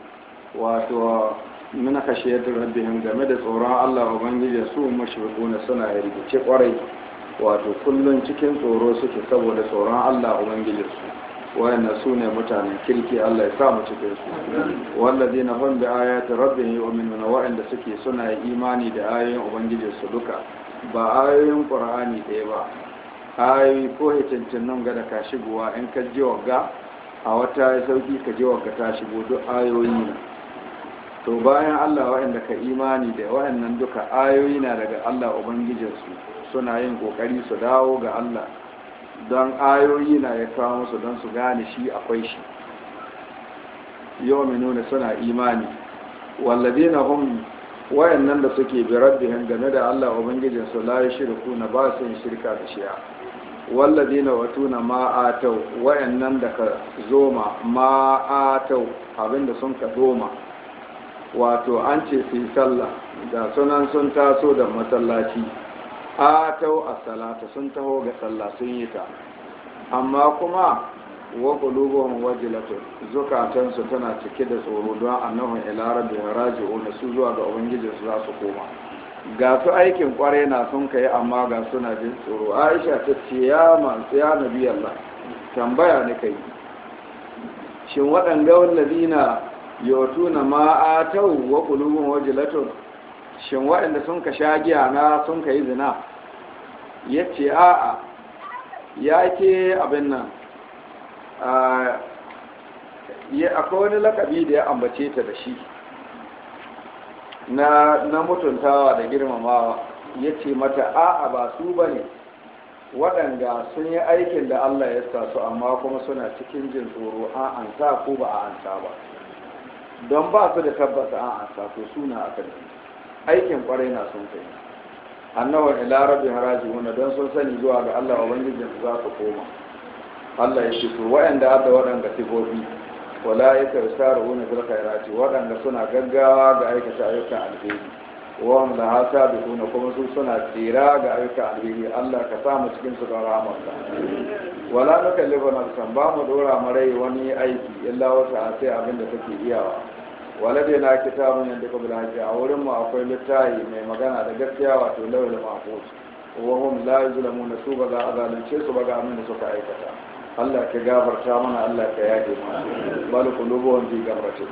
واتوا min khashiyati rabbihim game da tsoron Allah ubangiji su mushrikuna suna rigice kwarai wato kullun cikin tsoro suke saboda tsoron Allah ubangiji su wayanna su ne mutanen kirki Allah ya sa mu cikin su na hum bi ayati rabbihim yu'minuna wa'anda suke suna imani da ayoyin ubangiji su duka ba ayoyin qur'ani ɗaya ba ayoyi ko hitancin nan ga da ka shigowa in ka ji wagga a wata sauki ka ji wagga ta shigo duk ayoyi ne to bayan Allah waɗanda ka imani da nan duka ayoyi na daga Allah ubangijinsu suna yin kokari su dawo ga Allah don ayoyi na ya kawo musu don su gane shi akwai shi yau nuna suna imani wallabi na hun wayannan da suke bi game da Allah ubangijinsu layi shirku na ba su yin shirka da shiya wallabi na wato na ma'atau wayannan da ka zoma ma'atau abinda sun ka zoma wato an ce su yi sallah da sunan sun taso da masallaci tau a salata sun taho ga sallah sun yi ta amma kuma wa qulubuhum wajilatu zukatansu tana cike da tsoro don annahu ila rabbihim raji'un su zuwa ga ubangijin su za su koma ga su aikin kwarai na sun kai amma ga suna jin tsoro Aisha ta ce ya man ya nabi Allah tambaya ne kai shin waɗanda wallazina na ma atau wa waje wajilatun shin waɗanda sun ka shagiya na sun ka yi zina ya ce a'a ya ke abin nan akwai wani lakabi da ya ambace ta da shi na mutuntawa da girmamawa ya ce mata a'a ba su ba ne waɗanda sun yi aikin da allah ya sa su amma kuma suna cikin jin tsoro an ansa ko ba a ansa ba don ba su da tabbata an asa to suna a da aikin kwarai na sun kai annawar ila haraji wanda don sun sani zuwa ga Allah wa su za su koma Allah ya shiko wa'anda da waɗanda sifofi wala ya wani ruhuna ya khairati waɗanda suna gaggawa ga aikata ayyukan alheri wa hata da sabiquna kuma su suna tsira ga ayyukan alheri Allah ka samu mu cikin su don rahmarka wala nukallifu nafsan ba mu dora marai wani aiki illa a sai abin da take iyawa walade na kitabun yadda bila hajji a wurin mu akwai littafi mai magana da gaskiya wato lawal mahfuz wa hum la na su ba za a zalunce su ba ga amin da suka aikata Allah ka gafarta mana Allah ka yaje mu bal qulubuhum fi gamrati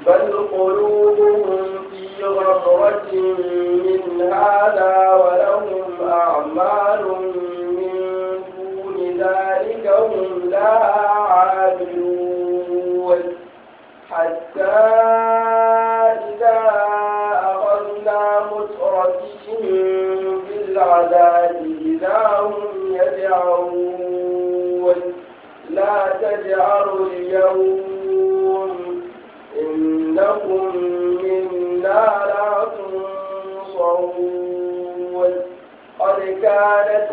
bal qulubuhum fi min hada wa lahum a'malun min hum la حتى إذا أخذنا مترفيهم بالعذاب إذا هم يدعون لا تجعلوا اليوم إنكم منا لا تنصرون قد كانت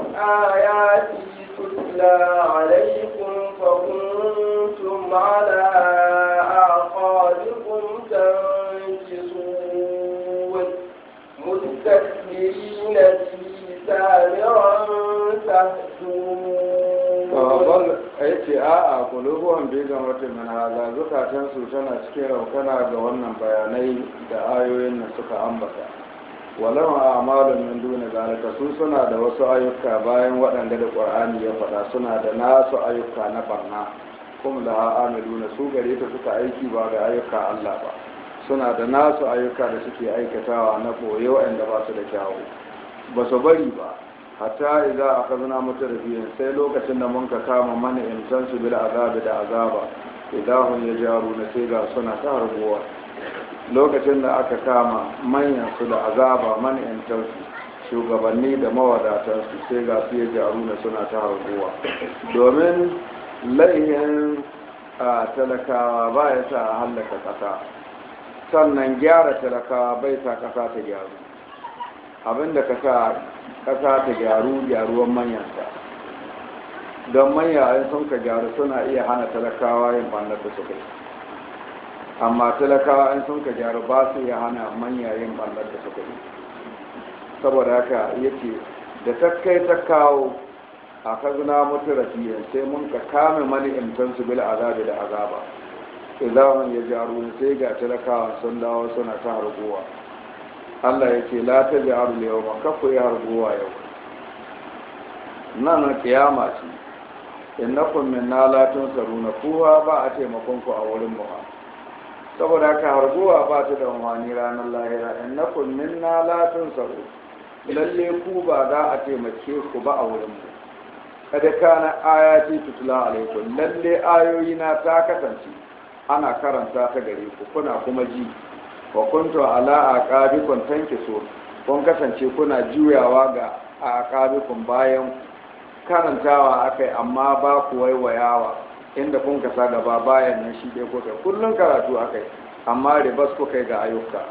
آياتي تتلى عليكم فكنتم على المستكبرين به سامرا تهجون a a'a kulubuwan bi ga mutumin min hada tana cikin raukana ga wannan bayanai da ayoyin da suka ambata walau a'malun min duni zalika su suna da wasu ayyuka bayan waɗanda da qur'ani ya faɗa suna da nasu ayyuka na barna kuma da a'maluna su gare ta suka aiki ba ga ayyuka Allah ba suna da nasu ayyuka da suke aikatawa na koyo wa'anda ba su da kyawu ba su bari ba hatta aka mutu da biyan, sai lokacin da mun kama mana imtan su azabi da azaba idahun yajaruna sai ga suna ta harbuwa lokacin da aka kama manyan su da azaba mana imtan shugabanni da mawadatarsu, su sai ga su yajaruna suna ta harbuwa domin laihin talakawa ba ya sa a hallaka kasa sannan gyara talakawa bai sa ƙasa ta gyaru abinda ka sa kasa ta gyaru gyaruwan manyanta don manya sun ka gyaru suna iya hana talakawa yin ɓannar da suka yi amma talakawa yin sun ka gyaru ba su iya hana manya yin ɓallar da suka yi saboda haka ya ce da kai ta kawo a kazina mutu rafiyan sai mun ka kame mani imtansu bil azabi da azaba izahun ya jaru sai ga talakawa sun dawo suna ta harguwa Allah ya ce la ta jaru yau ba kafa ya harguwa yau nan kiyama ce innakum min na tsaro na kuwa ba a taimakon ku a wurin mu saboda ka harguwa ba ta da wani ranar lahira innakum min na latin tsaro, lalle ku ba za a taimake ku ba a wurin mu kada kana ayati tutla alaikum lalle ayoyi na ta kasance ana karanta ta gare ku kuna kuma ji wa kuntu ala aqabikum tankisu kun kasance kuna juyawa ga aqabikum bayan karantawa akai amma ba ku waiwayawa inda kun kasa gaba bayan nan shi dai ko kullun karatu akai amma ribas ku kai ga ayyuka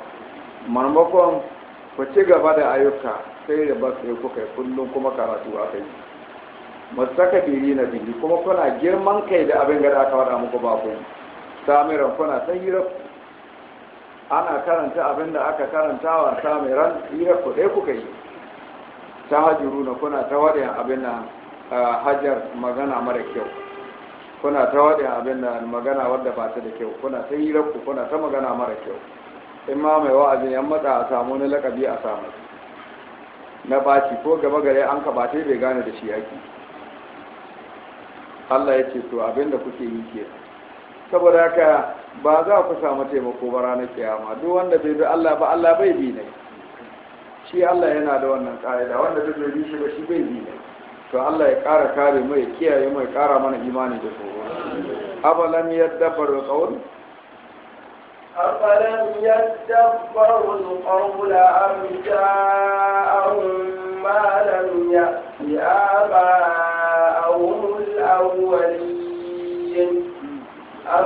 marmakon ku ci gaba da ayyuka sai ribas sai ku kai kullun kuma karatu akai masaka biri na biri kuma kuna girman kai da abin da aka wada muku ba ku yi samiran kuna san hira ana karanta abin da aka karanta wa samiran yi ku ɗaya kuka yi ta hajjuru na kuna ta waɗin abin da hajjar magana mara kyau kuna ta waɗin abin da magana wadda ba ta da kyau kuna ta yi ku kuna ta magana mara kyau in ma mai wa'azin yan matsa a samu na lakabi a samu na baci ko gaba gare an kaɓa bai gane da shi yaki Allah ya ce to abinda kuke yi kenan saboda haka ba za ku samu taimako ba ranar kiyama duk wanda bai bi Allah ba Allah bai bi ne shi Allah yana da wannan ƙa'ida wanda duk bai bi shi ba shi bai bi ne to Allah ya ƙara kare mu ya kiyaye mu ya ƙara mana imani da tsoro abalam yadabbaru qawl afalam yadabbaru alqawl am ja'ahum ma lam ya'ti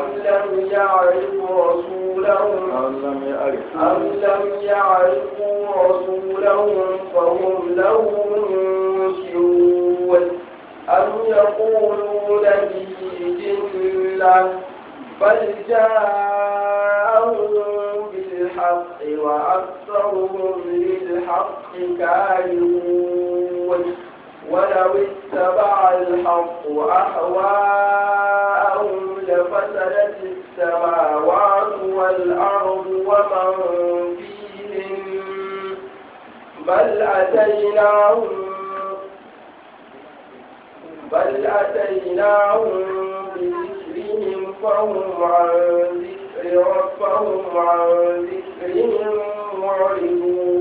أم لم يعرفوا رسولهم أم لم يعرفوا رسولهم فهم له منكرون أم يقولون به جنة بل جاءهم بالحق وأكثرهم للحق كارهون ولو اتبع الحق أهواءهم فسدت السماوات والأرض ومن فيهم بل أتيناهم بل أتيناهم بذكرهم فهم عن ذكر ربهم عن ذكرهم معرضون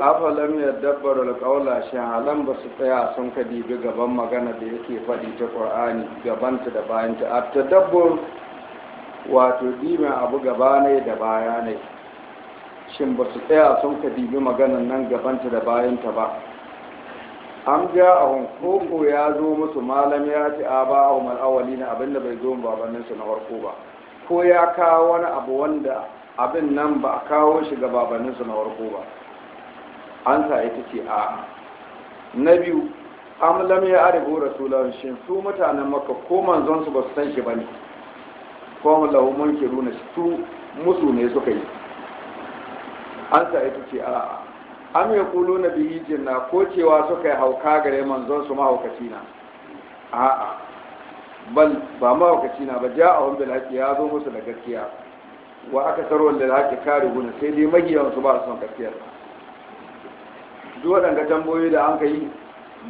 afalam ya dabbar alƙaula shahalan ba su tsaya sun ka dibi gaban magana da yake faɗi ta ƙwar'ani gabanta da bayanta a ta dabbar wato dimin abu gaba ne da baya ne shin ba su tsaya sun ka dibi maganan nan gabanta da bayanta ba an ja a hankoko ya zo musu malam ya ci a ba a mal'awali na abinda bai zo babanninsu na farko ba ko ya kawo wani abu wanda abin nan ba a kawo shi ga babanninsu na farko ba ansa ita ce a na biyu am lam ya arifu rasulan shin su mutanen makka ko manzon su ba su san shi bane ko mun lahu munkiruna su musu ne suka yi ansa ita ce a am ya kulu na bihi jinna ko cewa suka yi hauka gare manzon su mahaukaci na a'a bal ba mahaukaci na ba a wani haqi ya zo musu da gaskiya wa aka sarwa lil haqi karihuna sai dai magiyansu ba su son gaskiyar ba duk waɗanda tamboyi da an ka yi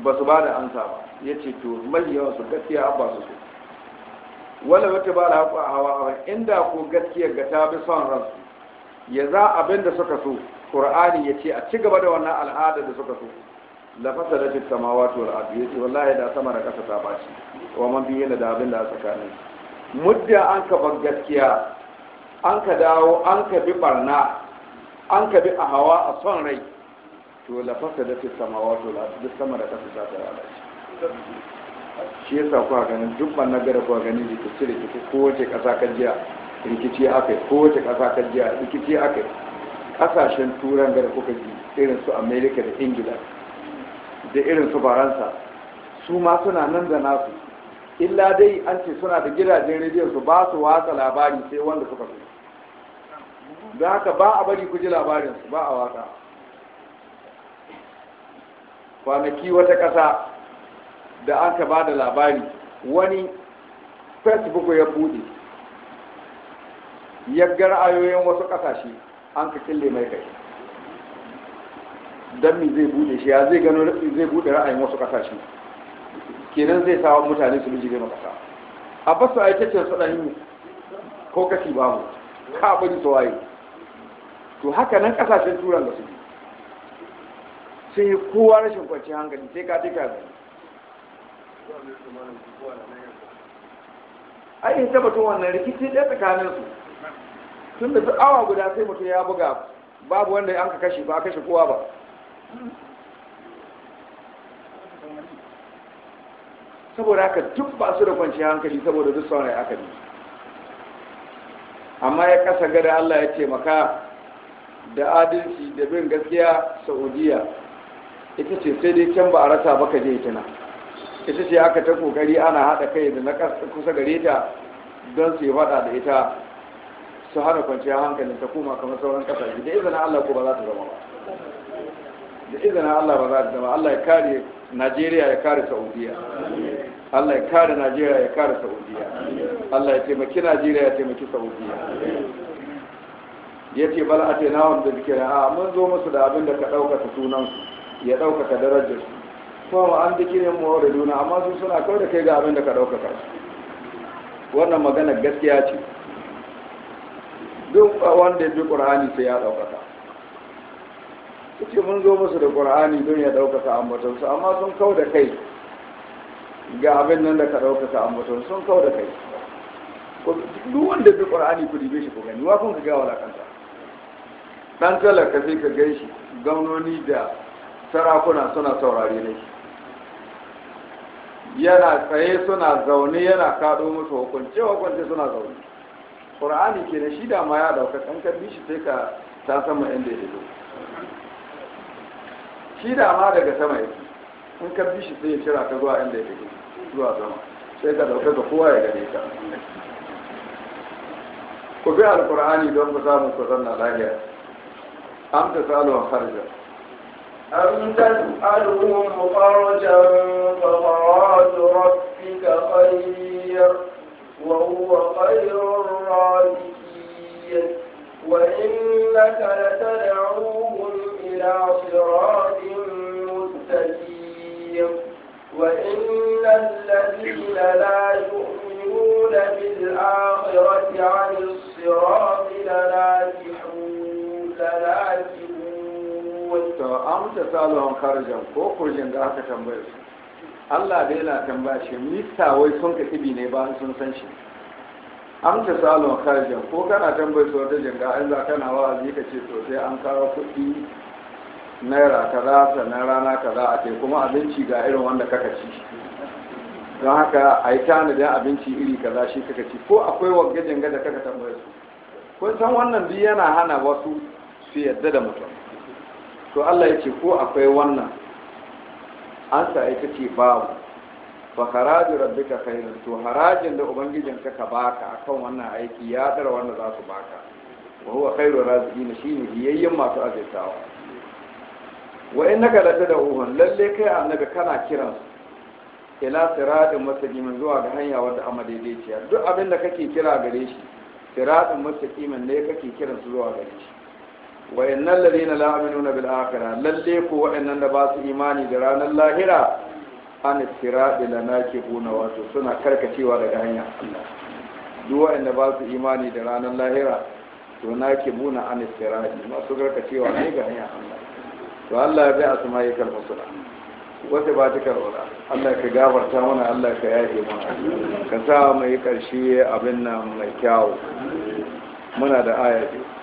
ba su ba da ansa ba ya ce to mai yawan su gaskiya ba su so wala wata ba da a hawa hawa inda ko gaskiyar ga ta bi son ransu ya za abin da suka so ƙur'ani ya ce a ci gaba da wannan al'ada da suka so la cikin samawa to al'adu ya ce wallahi da sama da ƙasa ta baci wa man bihi da abin da tsakanin mudda an ka ban gaskiya an ka dawo an ka bi barna an ka bi a hawa a son rai to lafasa da fi sama wato duk sama da ƙasa za ta lalace shi yasa kuwa ganin duk ban na gara kuwa ganin rikici ko kowace ƙasa kan jiya rikici aka yi kowace ƙasa kan jiya rikici aka yi ƙasashen turan gara kuka ji irin su amerika da ingila da irin su faransa su ma suna nan da nasu illa dai an ce suna da gidajen rediyon su ba su watsa labari sai wanda suka fi da haka ba a bari ku ji su ba a watsa kwanaki wata ƙasa da an ka ba da labari wani facebook ya buɗe yaggar ayoyin wasu ƙasashe an ka kille mai kai don mi zai buɗe shi ya zai gano zai buɗe ra'ayin wasu ƙasashe kenan zai sa mutane su bijire na ƙasa a basu aikacin saɗani ko kashi mu, ka abin tsawaye to haka nan ƙasashen turan da suke sai yi kowa rashin kwanci hankali sai ka ba a ai in tabbatun wannan rikici ɗaya tsakanin su tun da su awa guda sai mutum ya buga babu wanda an ka kashe ba a kashe kowa ba saboda haka duk ba su da kwanci hankali saboda duk sauran aka bi amma ya kasa gada Allah ya taimaka da adalci da bin gaskiya saudiya ita ce sai dai can ba a rasa ba ka je tana. ita ce aka ta kokari ana haɗa kai da na kusa gare ta don su yi faɗa da ita su hana kwanciyar hankalin ta koma kamar sauran ƙasashe da izinin Allah ko ba za ta zama ba da izinin Allah ba za ta zama Allah ya kare Najeriya ya kare Saudiya Allah ya kare Najeriya ya kare Saudiya Allah ya taimaki Najeriya ya taimaki Saudiya ya ce bala a ce na wanda a mun zo musu da abin da ka ɗaukata sunansu ya ɗaukaka darajar su kuma ma an zikirin mawar duna amma su suna kawai da kai ga abin da ka ɗaukaka su wannan magana gaskiya ce duk wanda ya bi ƙur'ani sai ya ɗaukaka su ce mun zo musu da ƙur'ani don ya ɗaukaka ambatonsu amma sun kau da kai ga abin nan da ka ɗaukaka ambatonsu sun kau da kai duk wanda bi ƙur'ani ku dibe shi ku gani wa kun ka gawa lakanta ɗan talaka sai ka gan shi gaunoni da sarakuna suna saurare ne yana tsaye suna zaune yana kaɗo musu hukunce hukunce suna zaune ƙur'ani ke da shi da ma ya ɗauka ɗan karbi shi sai ka ta sama inda ya hito shi da ma daga sama yake in ka bi shi sai ya kira ka zuwa inda ya hito zuwa sama sai ka ɗauka ga kowa ya gane ka ku bi alƙur'ani don ku samu ku zanna lahiya amsa saluwan harjar أم تسألهم خرجا فخراج ربك خير وهو خير الرازقين وإنك لتدعوهم إلى صراط مستقيم وإن الذين لا يؤمنون بالآخرة عن الصراط لناجحون لناجحون wata amsa salon karjan ko kurjin da aka tambaye su Allah dai na tambaya shi mista wai sun ka tibi ne ba sun san shi amsa salon karjan ko kana tambaye su wata jinga an za kana wa'azi ka ce to sai an kawo kuɗi naira kaza sannan rana kaza a ce kuma abinci ga irin wanda kaka ci don haka a yi tanadin abinci iri kaza shi kaka ci ko akwai wagga jinga da kaka tambaye su kun san wannan duk yana hana wasu su yadda da mutum to Allah ya ce ko akwai wannan an sa ita ce babu fa haraju rabbika khairun to harajin da ubangijin ka baka akan wannan aiki ya dara wanda za su baka wa huwa khairu raziqina shine biyayyen masu azaitawa wa innaka la tad'uhum lalle kai annabi kana kiran su ila siratin mustaqimin zuwa ga hanya wadda amma daidaiciya duk abin da kake kira gare shi siratin mustaqimin ne kake kiran su zuwa gare shi wa innal ladina la aminuna bil akhirah lalle ko wa'annan da ba su imani da ranar lahira an naki buna wato suna karkacewa daga hanya duk wa'anda ba su imani da ranar lahira to buna an sirati masu karkacewa ne ga hanya Allah to Allah ya bai asma'i kal husna wata ba ta karwara Allah ka gafarta mana Allah ka yaje mana ka sa mai karshe abin nan mai kyau. muna da ayati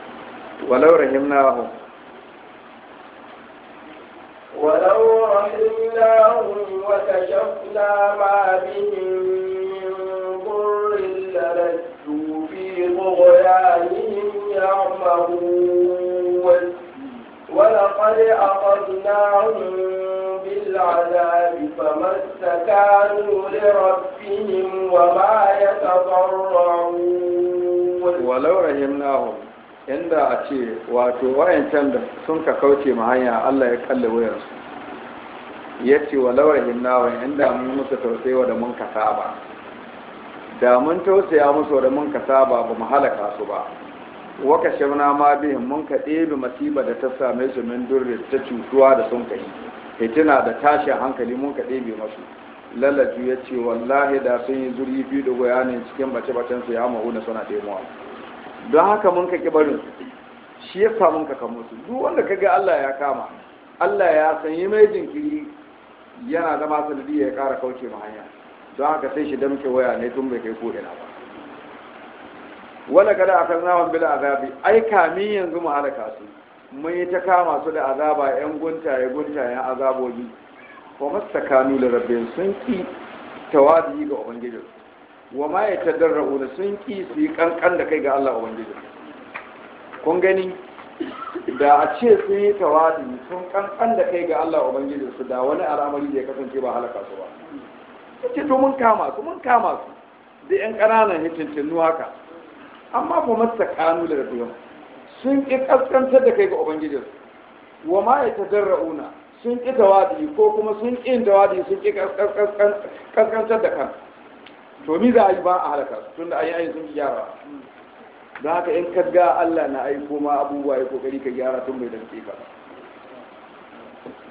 ولو رحمناهم ولو رحمناهم وكشفنا ما بهم من ضر للجوا في طغيانهم يعمهون ولقد أخذناهم بالعذاب فما استكانوا لربهم وما يتضرعون ولو رحمناهم inda a ce wato wayancan da sun ka kauce ma hanya Allah ya kalle wayarsu ya ce wa lawarhin nawa inda mun musu wa da mun ka saba da mun tausaya musu da mun ka saba ba mu halaka su ba waka shirna ma bihin mun ka ɗebe masiba da ta same su min durre ta cutuwa da sun kai fitina da tashin hankali mun ka ɗebe masu lalaju ya ce wallahi da sun yi zurfi da goya ne cikin bace su ya mahuna suna taimawa don haka mun ka kibarin shi ya samu ka kamo duk wanda ka ga Allah ya kama Allah ya san yi mai jinkiri yana zama sanadi ya kara kauce ma hanya don haka sai shi damke waya ne tun bai kai ko ina ba wala kada akan nawan bila azabi ai kamin yanzu mu halaka su mun yi ta kama su da azaba yan guntaye guntayen azabobi kuma sakanu da rabbin sun ki tawadi ga ubangijinsu wa ma ya tadarra'una sun ki su yi kankan da kai ga Allah ubangiji kun gani da a ce sun yi tawadi sun kankan da kai ga Allah ubangiji su da wani al'amari da ya kasance ba halaka su ba ce to mun kama su mun kama su da yan ƙananan hitintinu haka amma fa masa kanu da rabuwa sun ƙi kaskantar da kai ga ubangiji wa ma ya tadarra'una sun ƙi tawadi ko kuma sun ƙi tawadi sun ƙi kaskantar da kai. to mi za a yi ba a halaka tun da an yi ayin sun gyara don haka in ka ga Allah na aiko ma abubuwa ya kokari ka gyara tun bai dace ka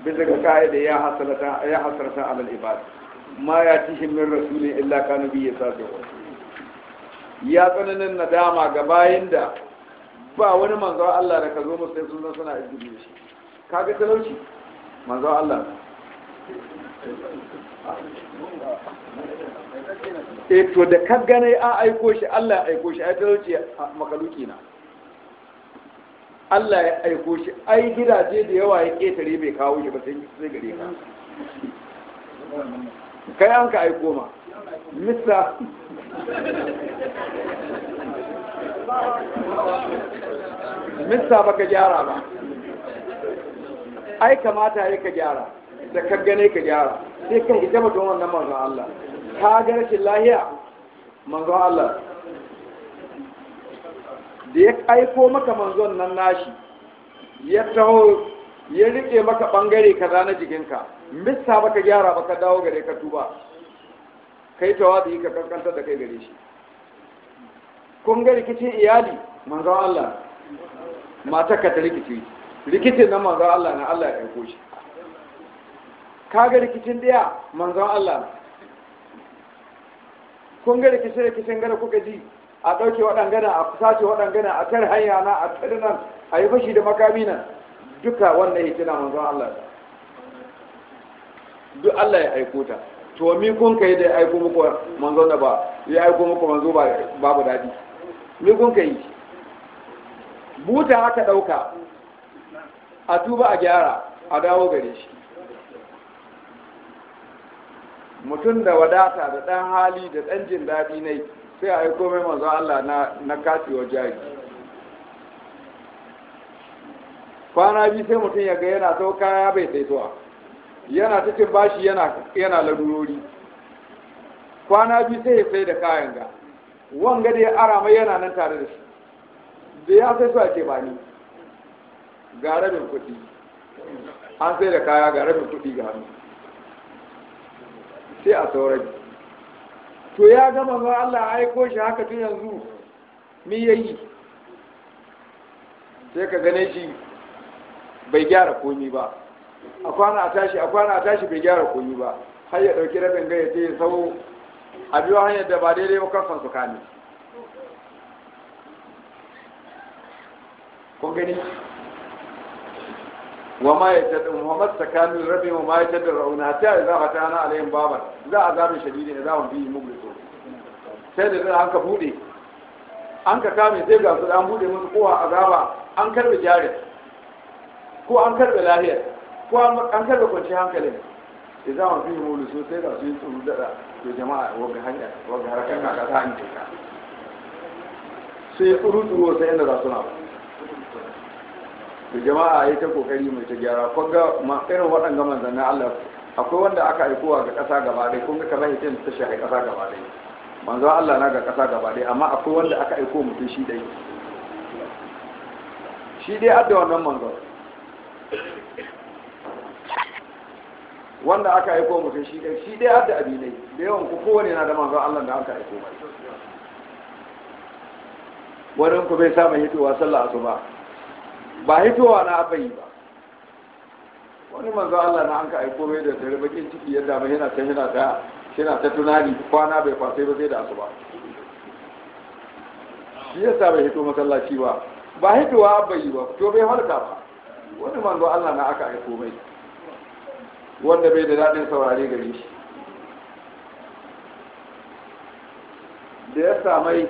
bisa ga ka'ida ya hasalata ya hasarta amal ibad ma ya tihim min rasuli illa kana bi yasadu ya tsananin nadama ga bayin da ba wani manzo Allah da ka zo musu sai sun suna izini shi kaga talauci manzo Allah e to da ka gane a aiko shi Allah ya aiko shi ai talauci makaluki na Allah ya aiko shi ai gidaje da yawa ya ketare bai kawo shi ba sai gare ka kai an ka aiko ma mista mista baka gyara ba ai kamata ya ka gyara da ka gane ka gyara sai kan ita batun wannan manzon Allah ka ga rashin lahiya manzon Allah da ya aiko maka manzon nan nashi ya taho ya rike maka bangare kaza na jikinka missa baka gyara baka dawo gare ka tuba kai da ka kankanta da kai gare shi kun ga rikicin iyali manzon Allah mata ka ta rikici rikicin na manzon Allah na Allah ya aiko shi kaga rikicin ɗaya manzon Allah kun ga rikicin rikicin gara kuka ji a ɗauke waɗangana a kusace waɗangana a tar hanya na a tar nan a yi fashi da makami nan duka wannan hikina manzon Allah duk Allah ya aiko ta to mi kun kai da aiko muku manzon da ba ya aiko muku manzo ba babu dadi mi kun kai buta haka dauka a tuba a gyara a dawo gare shi mutum da wadata da ɗan hali da ɗan jin daɗi ne sai a yi komai mazu Allah na kacewa jari kwana biyu sai mutum ya ga yana sau kaya bai taituwa, yana cikin bashi yana larurori kwana biyu sai ya sai da kayan ga wanga da ya arama yana nan tare da shi da ya sai su a ke bani ga rabin kuɗi an sai da kaya ga rabin kuɗi ga hannu sai a saurari to ya gama zuwa Allah aiko shi haka tun yanzu mi ya yi sai ka gane shi bai gyara komi ba a kwana a tashi a kwana a tashi bai gyara komi ba har ya ɗauki rabin gaya sai ya sau a biyo hanyar da ba daidai ba kafan su kane kun gani wa ma yatadun wa masakanu rabi wa ma yatadraun hatta idza fatana alaihim baban za azabun shadidin idza hum fihi mublisun sai da an ka bude an ka kame sai ga an bude musu kowa azaba an karbe jari ko an karbe lahiyar ko an karbe kwanci hankalin idza hum fihi mublisun sai ga su yin tsoro da to jama'a wanga hanya wanga harakar kaka ta hanya sai tsoro sai inda za su na to jama'a ya ta kokari mai ta gyara ma irin waɗanda manzannin Allah akwai wanda aka aikowa ga ƙasa gaba dai kun ga kaza ya ta shahi ƙasa gaba dai manzo Allah na ga ƙasa gaba dai amma akwai wanda aka aiko mutum shi ɗaya shi dai adda wannan manzo wanda aka aiko mutum shi ɗaya shi dai adda abi ne da yawan ku kowane na da manzo Allah da aka aiko ba. wani ku bai samu hitowa sallah asuba ba hitowa na aka yi ba wani manzo Allah na an ka aiko mai da dare bakin ciki yadda mai yana ta yana ta yana ta tunani kwana bai kwasai ba sai da asuba shi yasa bai hito masallaci ba ba hitowa aka yi ba to bai halka ba wani manzo Allah na aka aiko mai wanda bai da daɗin saurare gare shi da ya samai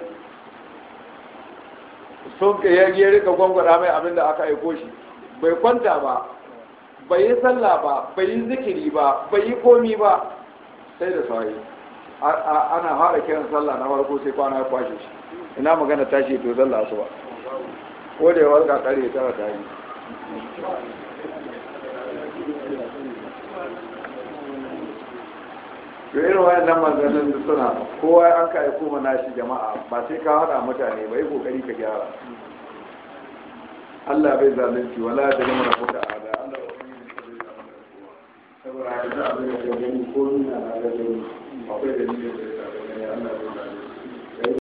sun ka ya rika gwangwada mai abin da aka aiko shi bai kwanta ba bai yi sallah ba bai yi zikiri ba bai yi komi ba sai da sahi ana fara kiran sallah na farko sai kwana ya kwashe shi ina magana tashi to sallah su ba ko da ya warka kare tara ta to irin nan manzannin da suna kowa an ka aiko mana shi jama'a ba sai ka hada mutane ba yi kokari ka gyara Allah bai zalunci wala da lamar kuta ada Allah ya yi shi da saboda haka da abin da gani ko nuna na gani akwai da ni da ya Allah bai